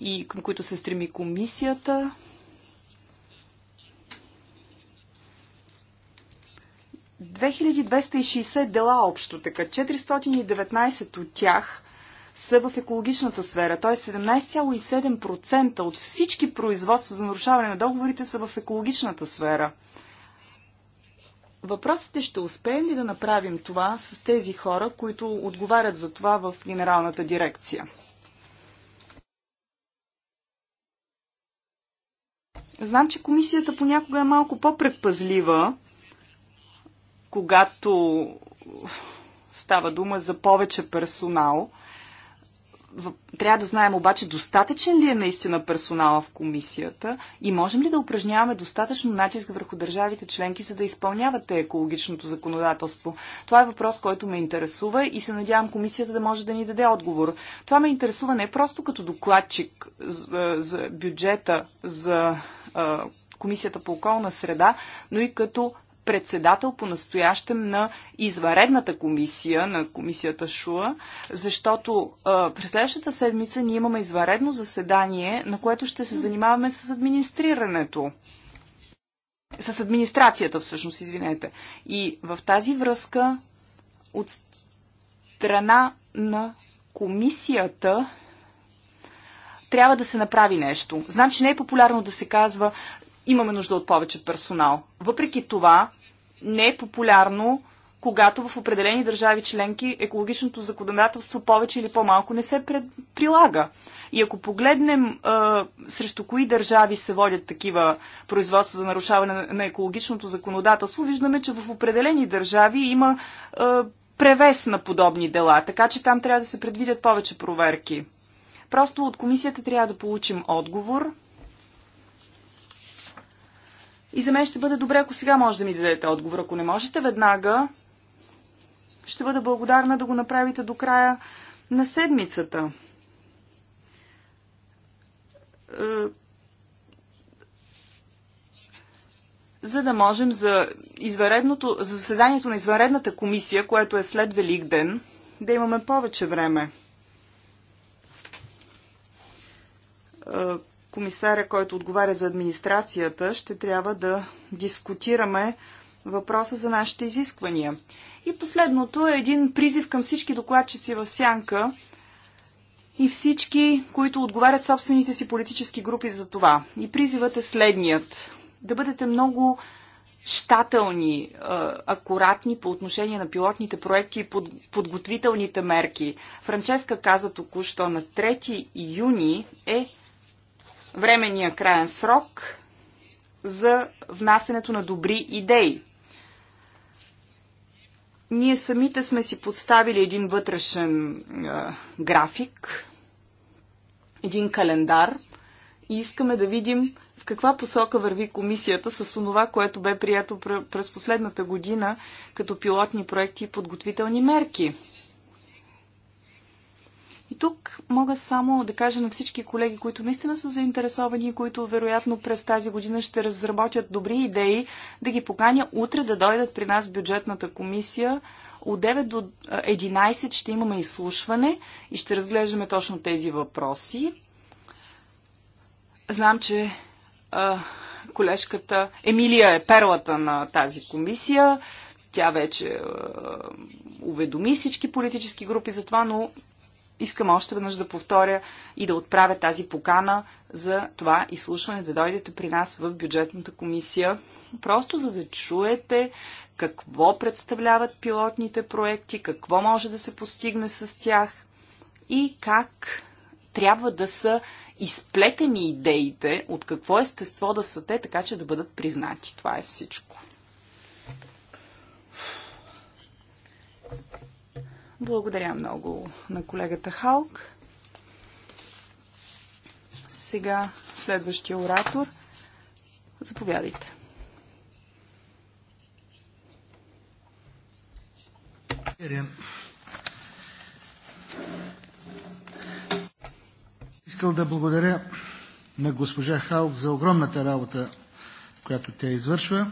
и към които се стреми комисията 2260 дела общо, така 419 от тях са в екологичната сфера, т.е. 17,7% от всички производства за нарушаване на договорите са в екологичната сфера. Въпросът е, ще успеем ли да направим това с тези хора, които отговарят за това в генералната дирекция? Знам, че комисията понякога е малко по-предпазлива когато става дума за повече персонал. Трябва да знаем обаче достатъчен ли е наистина персонала в комисията и можем ли да упражняваме достатъчно натиск върху държавите членки, за да изпълнявате екологичното законодателство. Това е въпрос, който ме интересува и се надявам комисията да може да ни даде отговор. Това ме интересува не просто като докладчик за бюджета за Комисията по околна среда, но и като председател по настоящем на изваредната комисия, на комисията ШУА, защото а, през следващата седмица ние имаме изваредно заседание, на което ще се занимаваме с администрирането. С администрацията, всъщност, извинете. И в тази връзка от страна на комисията трябва да се направи нещо. Значи не е популярно да се казва имаме нужда от повече персонал. Въпреки това, не е популярно, когато в определени държави членки екологичното законодателство повече или по-малко не се пред, прилага. И ако погледнем а, е, срещу кои държави се водят такива производства за нарушаване на, на екологичното законодателство, виждаме, че в определени държави има а, е, превес на подобни дела, така че там трябва да се предвидят повече проверки. Просто от комисията трябва да получим отговор и за мен ще бъде добре, ако сега може да ми дадете отговор. Ако не можете веднага, ще бъда благодарна да го направите до края на седмицата. Е, за да можем за, изваредното, за заседанието на извънредната комисия, което е след Велик ден, да имаме повече време е, комисаря, който отговаря за администрацията, ще трябва да дискутираме въпроса за нашите изисквания. И последното е един призив към всички докладчици в Сянка и всички, които отговарят собствените си политически групи за това. И призивът е следният. Да бъдете много щателни, е, акуратни по отношение на пилотните проекти и подготвителните мерки. Франческа каза току-що на 3 юни е временния краен срок за внасенето на добри идеи. Ние самите сме си поставили един вътрешен е, график, един календар и искаме да видим в каква посока върви комисията с онова, което бе прието през последната година като пилотни проекти и подготвителни мерки. И тук мога само да кажа на всички колеги, които наистина са заинтересовани, които вероятно през тази година ще разработят добри идеи, да ги поканя утре да дойдат при нас бюджетната комисия. От 9 до 11 ще имаме изслушване и ще разглеждаме точно тези въпроси. Знам, че а, колежката Емилия е перлата на тази комисия. Тя вече а, уведоми всички политически групи за това, но искам още веднъж да повторя и да отправя тази покана за това изслушване, да дойдете при нас в бюджетната комисия, просто за да чуете какво представляват пилотните проекти, какво може да се постигне с тях и как трябва да са изплетени идеите, от какво естество да са те, така че да бъдат признати. Това е всичко. Благодаря много на колегата Халк. Сега следващия оратор. Заповядайте. Искал да благодаря на госпожа Халк за огромната работа, която тя извършва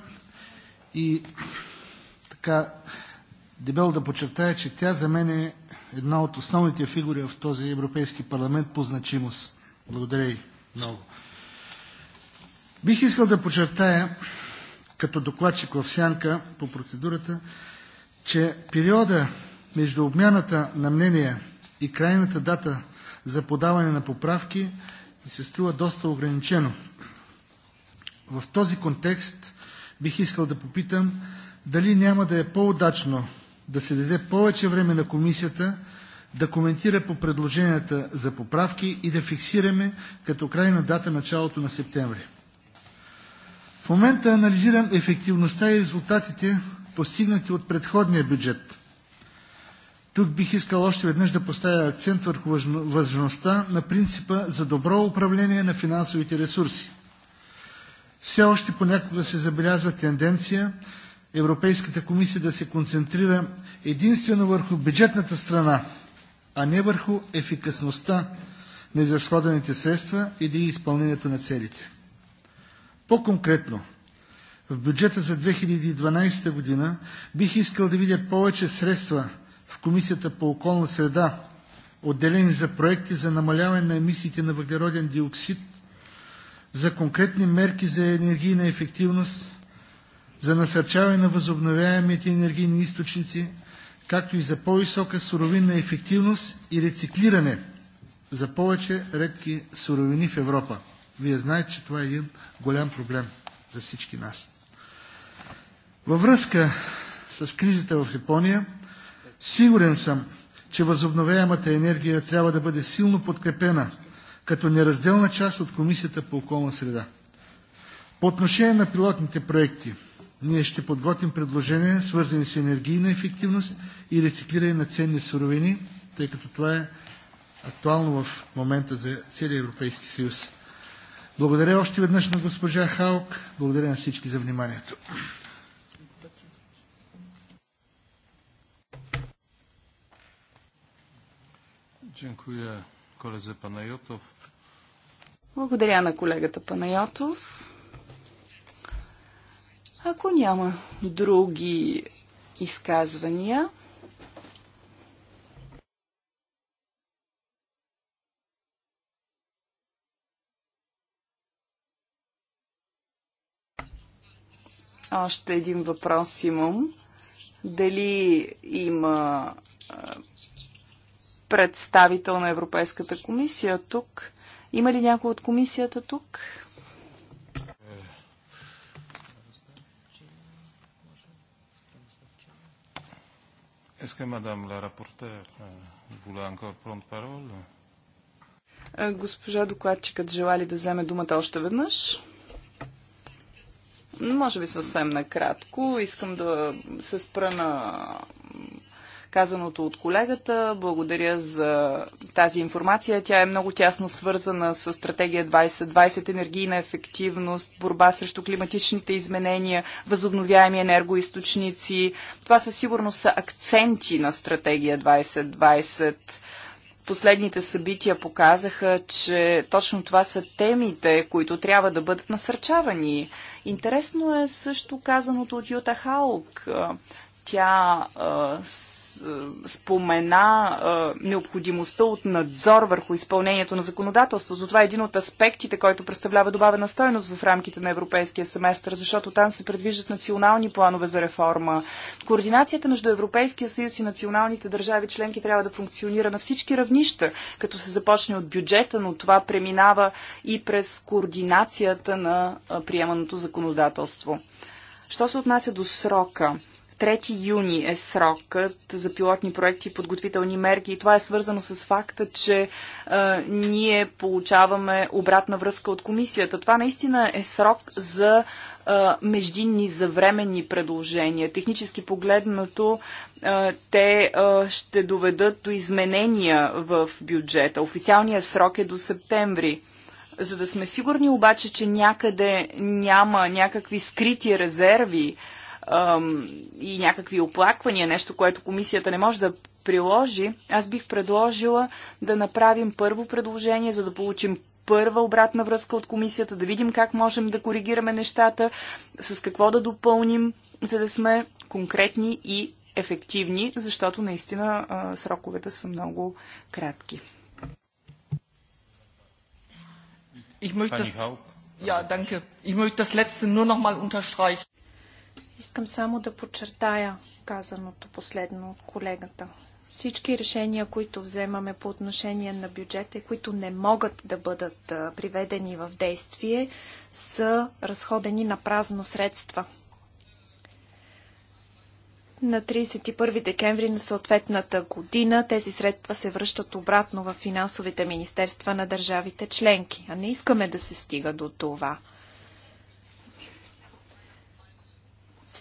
и така дебело да подчертая, че тя за мен е една от основните фигури в този Европейски парламент по значимост. Благодаря и много. Бих искал да подчертая, като докладчик в сянка по процедурата, че периода между обмяната на мнения и крайната дата за подаване на поправки ми се струва доста ограничено. В този контекст бих искал да попитам дали няма да е по-удачно да се даде повече време на Комисията да коментира по предложенията за поправки и да фиксираме като крайна дата началото на септември. В момента анализирам ефективността и резултатите, постигнати от предходния бюджет. Тук бих искал още веднъж да поставя акцент върху важността на принципа за добро управление на финансовите ресурси. Все още понякога се забелязва тенденция Европейската комисия да се концентрира единствено върху бюджетната страна, а не върху ефикасността на изразходените средства или изпълнението на целите. По-конкретно, в бюджета за 2012 година бих искал да видя повече средства в Комисията по околна среда, отделени за проекти за намаляване на емисиите на въглероден диоксид, за конкретни мерки за енергийна ефективност, за насърчаване на възобновяемите енергийни източници, както и за по-висока суровинна ефективност и рециклиране за повече редки суровини в Европа. Вие знаете, че това е един голям проблем за всички нас. Във връзка с кризата в Япония, сигурен съм, че възобновяемата енергия трябва да бъде силно подкрепена като неразделна част от Комисията по околна среда. По отношение на пилотните проекти – ние ще подготвим предложения, свързани с енергийна ефективност и рециклиране на ценни суровини, тъй като това е актуално в момента за целия Европейски съюз. Благодаря още веднъж на госпожа Халк. Благодаря на всички за вниманието. Благодаря на колегата Панайотов. Ако няма други изказвания, Още един въпрос имам. Дали има представител на Европейската комисия тук? Има ли някой от комисията тук? Est-ce que Madame la voulait encore prendre parole? Госпожа докладчикът желая ли да вземе думата още веднъж? Може би съвсем накратко. Искам да се спра на казаното от колегата. Благодаря за тази информация. Тя е много тясно свързана с стратегия 2020, енергийна ефективност, борба срещу климатичните изменения, възобновяеми енергоисточници. Това със сигурност са акценти на стратегия 2020 последните събития показаха, че точно това са темите, които трябва да бъдат насърчавани. Интересно е също казаното от Юта Халк. Тя а, с, спомена а, необходимостта от надзор върху изпълнението на законодателството. Това е един от аспектите, който представлява добавена стойност в рамките на европейския семестър, защото там се предвиждат национални планове за реформа. Координацията между Европейския съюз и националните държави членки трябва да функционира на всички равнища, като се започне от бюджета, но това преминава и през координацията на приеманото законодателство. Що се отнася до срока? 3 юни е срокът за пилотни проекти и подготвителни мерки. И това е свързано с факта, че а, ние получаваме обратна връзка от комисията. Това наистина е срок за а, междинни, за временни предложения. Технически погледнато, а, те а, ще доведат до изменения в бюджета. Официалният срок е до септември. За да сме сигурни обаче, че някъде няма някакви скрити резерви, и някакви оплаквания, нещо, което комисията не може да приложи, аз бих предложила да направим първо предложение, за да получим първа обратна връзка от комисията, да видим как можем да коригираме нещата, с какво да допълним, за да сме конкретни и ефективни, защото наистина а, сроковете са много кратки. Ich möchte das, ja, danke. Ich möchte das letzte nur noch mal unterstreichen. Искам само да подчертая казаното последно от колегата. Всички решения, които вземаме по отношение на бюджета и които не могат да бъдат приведени в действие, са разходени на празно средства. На 31 декември на съответната година тези средства се връщат обратно в финансовите министерства на държавите членки, а не искаме да се стига до това –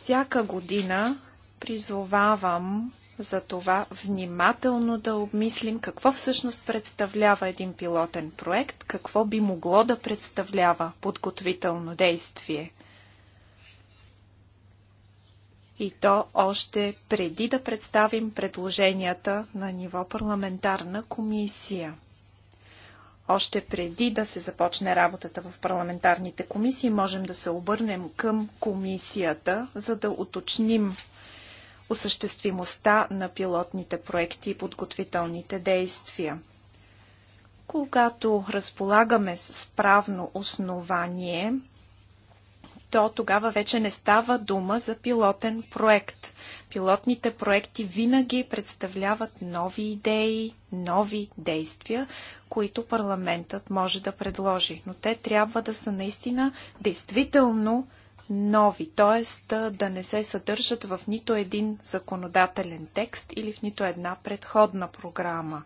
Всяка година призовавам за това внимателно да обмислим какво всъщност представлява един пилотен проект, какво би могло да представлява подготвително действие. И то още преди да представим предложенията на ниво парламентарна комисия. Още преди да се започне работата в парламентарните комисии, можем да се обърнем към комисията, за да уточним осъществимостта на пилотните проекти и подготвителните действия. Когато разполагаме с правно основание, то тогава вече не става дума за пилотен проект. Пилотните проекти винаги представляват нови идеи, нови действия, които парламентът може да предложи. Но те трябва да са наистина действително нови, т.е. да не се съдържат в нито един законодателен текст или в нито една предходна програма.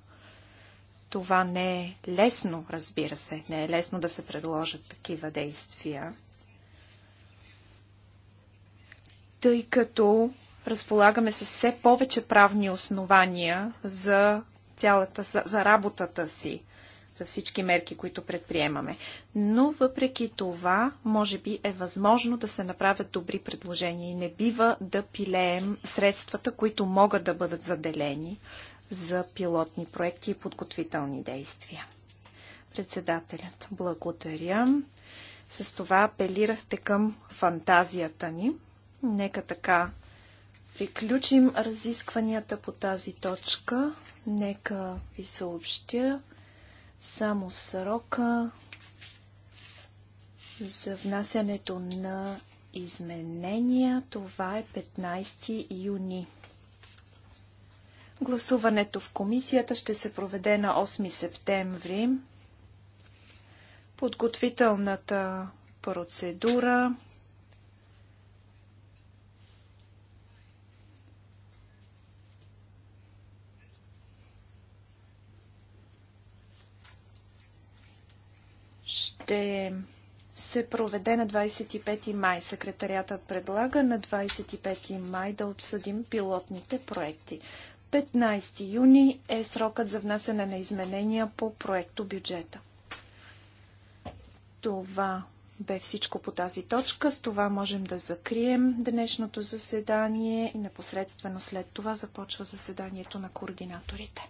Това не е лесно, разбира се. Не е лесно да се предложат такива действия. тъй като разполагаме с все повече правни основания за цялата, за, за работата си, за всички мерки, които предприемаме. Но въпреки това, може би е възможно да се направят добри предложения и не бива да пилеем средствата, които могат да бъдат заделени за пилотни проекти и подготвителни действия. Председателят, благодаря. С това апелирахте към фантазията ни. Нека така приключим разискванията по тази точка. Нека ви съобщя само срока за внасянето на изменения. Това е 15 юни. Гласуването в комисията ще се проведе на 8 септември. Подготвителната процедура ще се проведе на 25 май. Секретариатът предлага на 25 май да обсъдим пилотните проекти. 15 юни е срокът за внасяне на изменения по проекто бюджета. Това бе всичко по тази точка. С това можем да закрием днешното заседание и непосредствено след това започва заседанието на координаторите.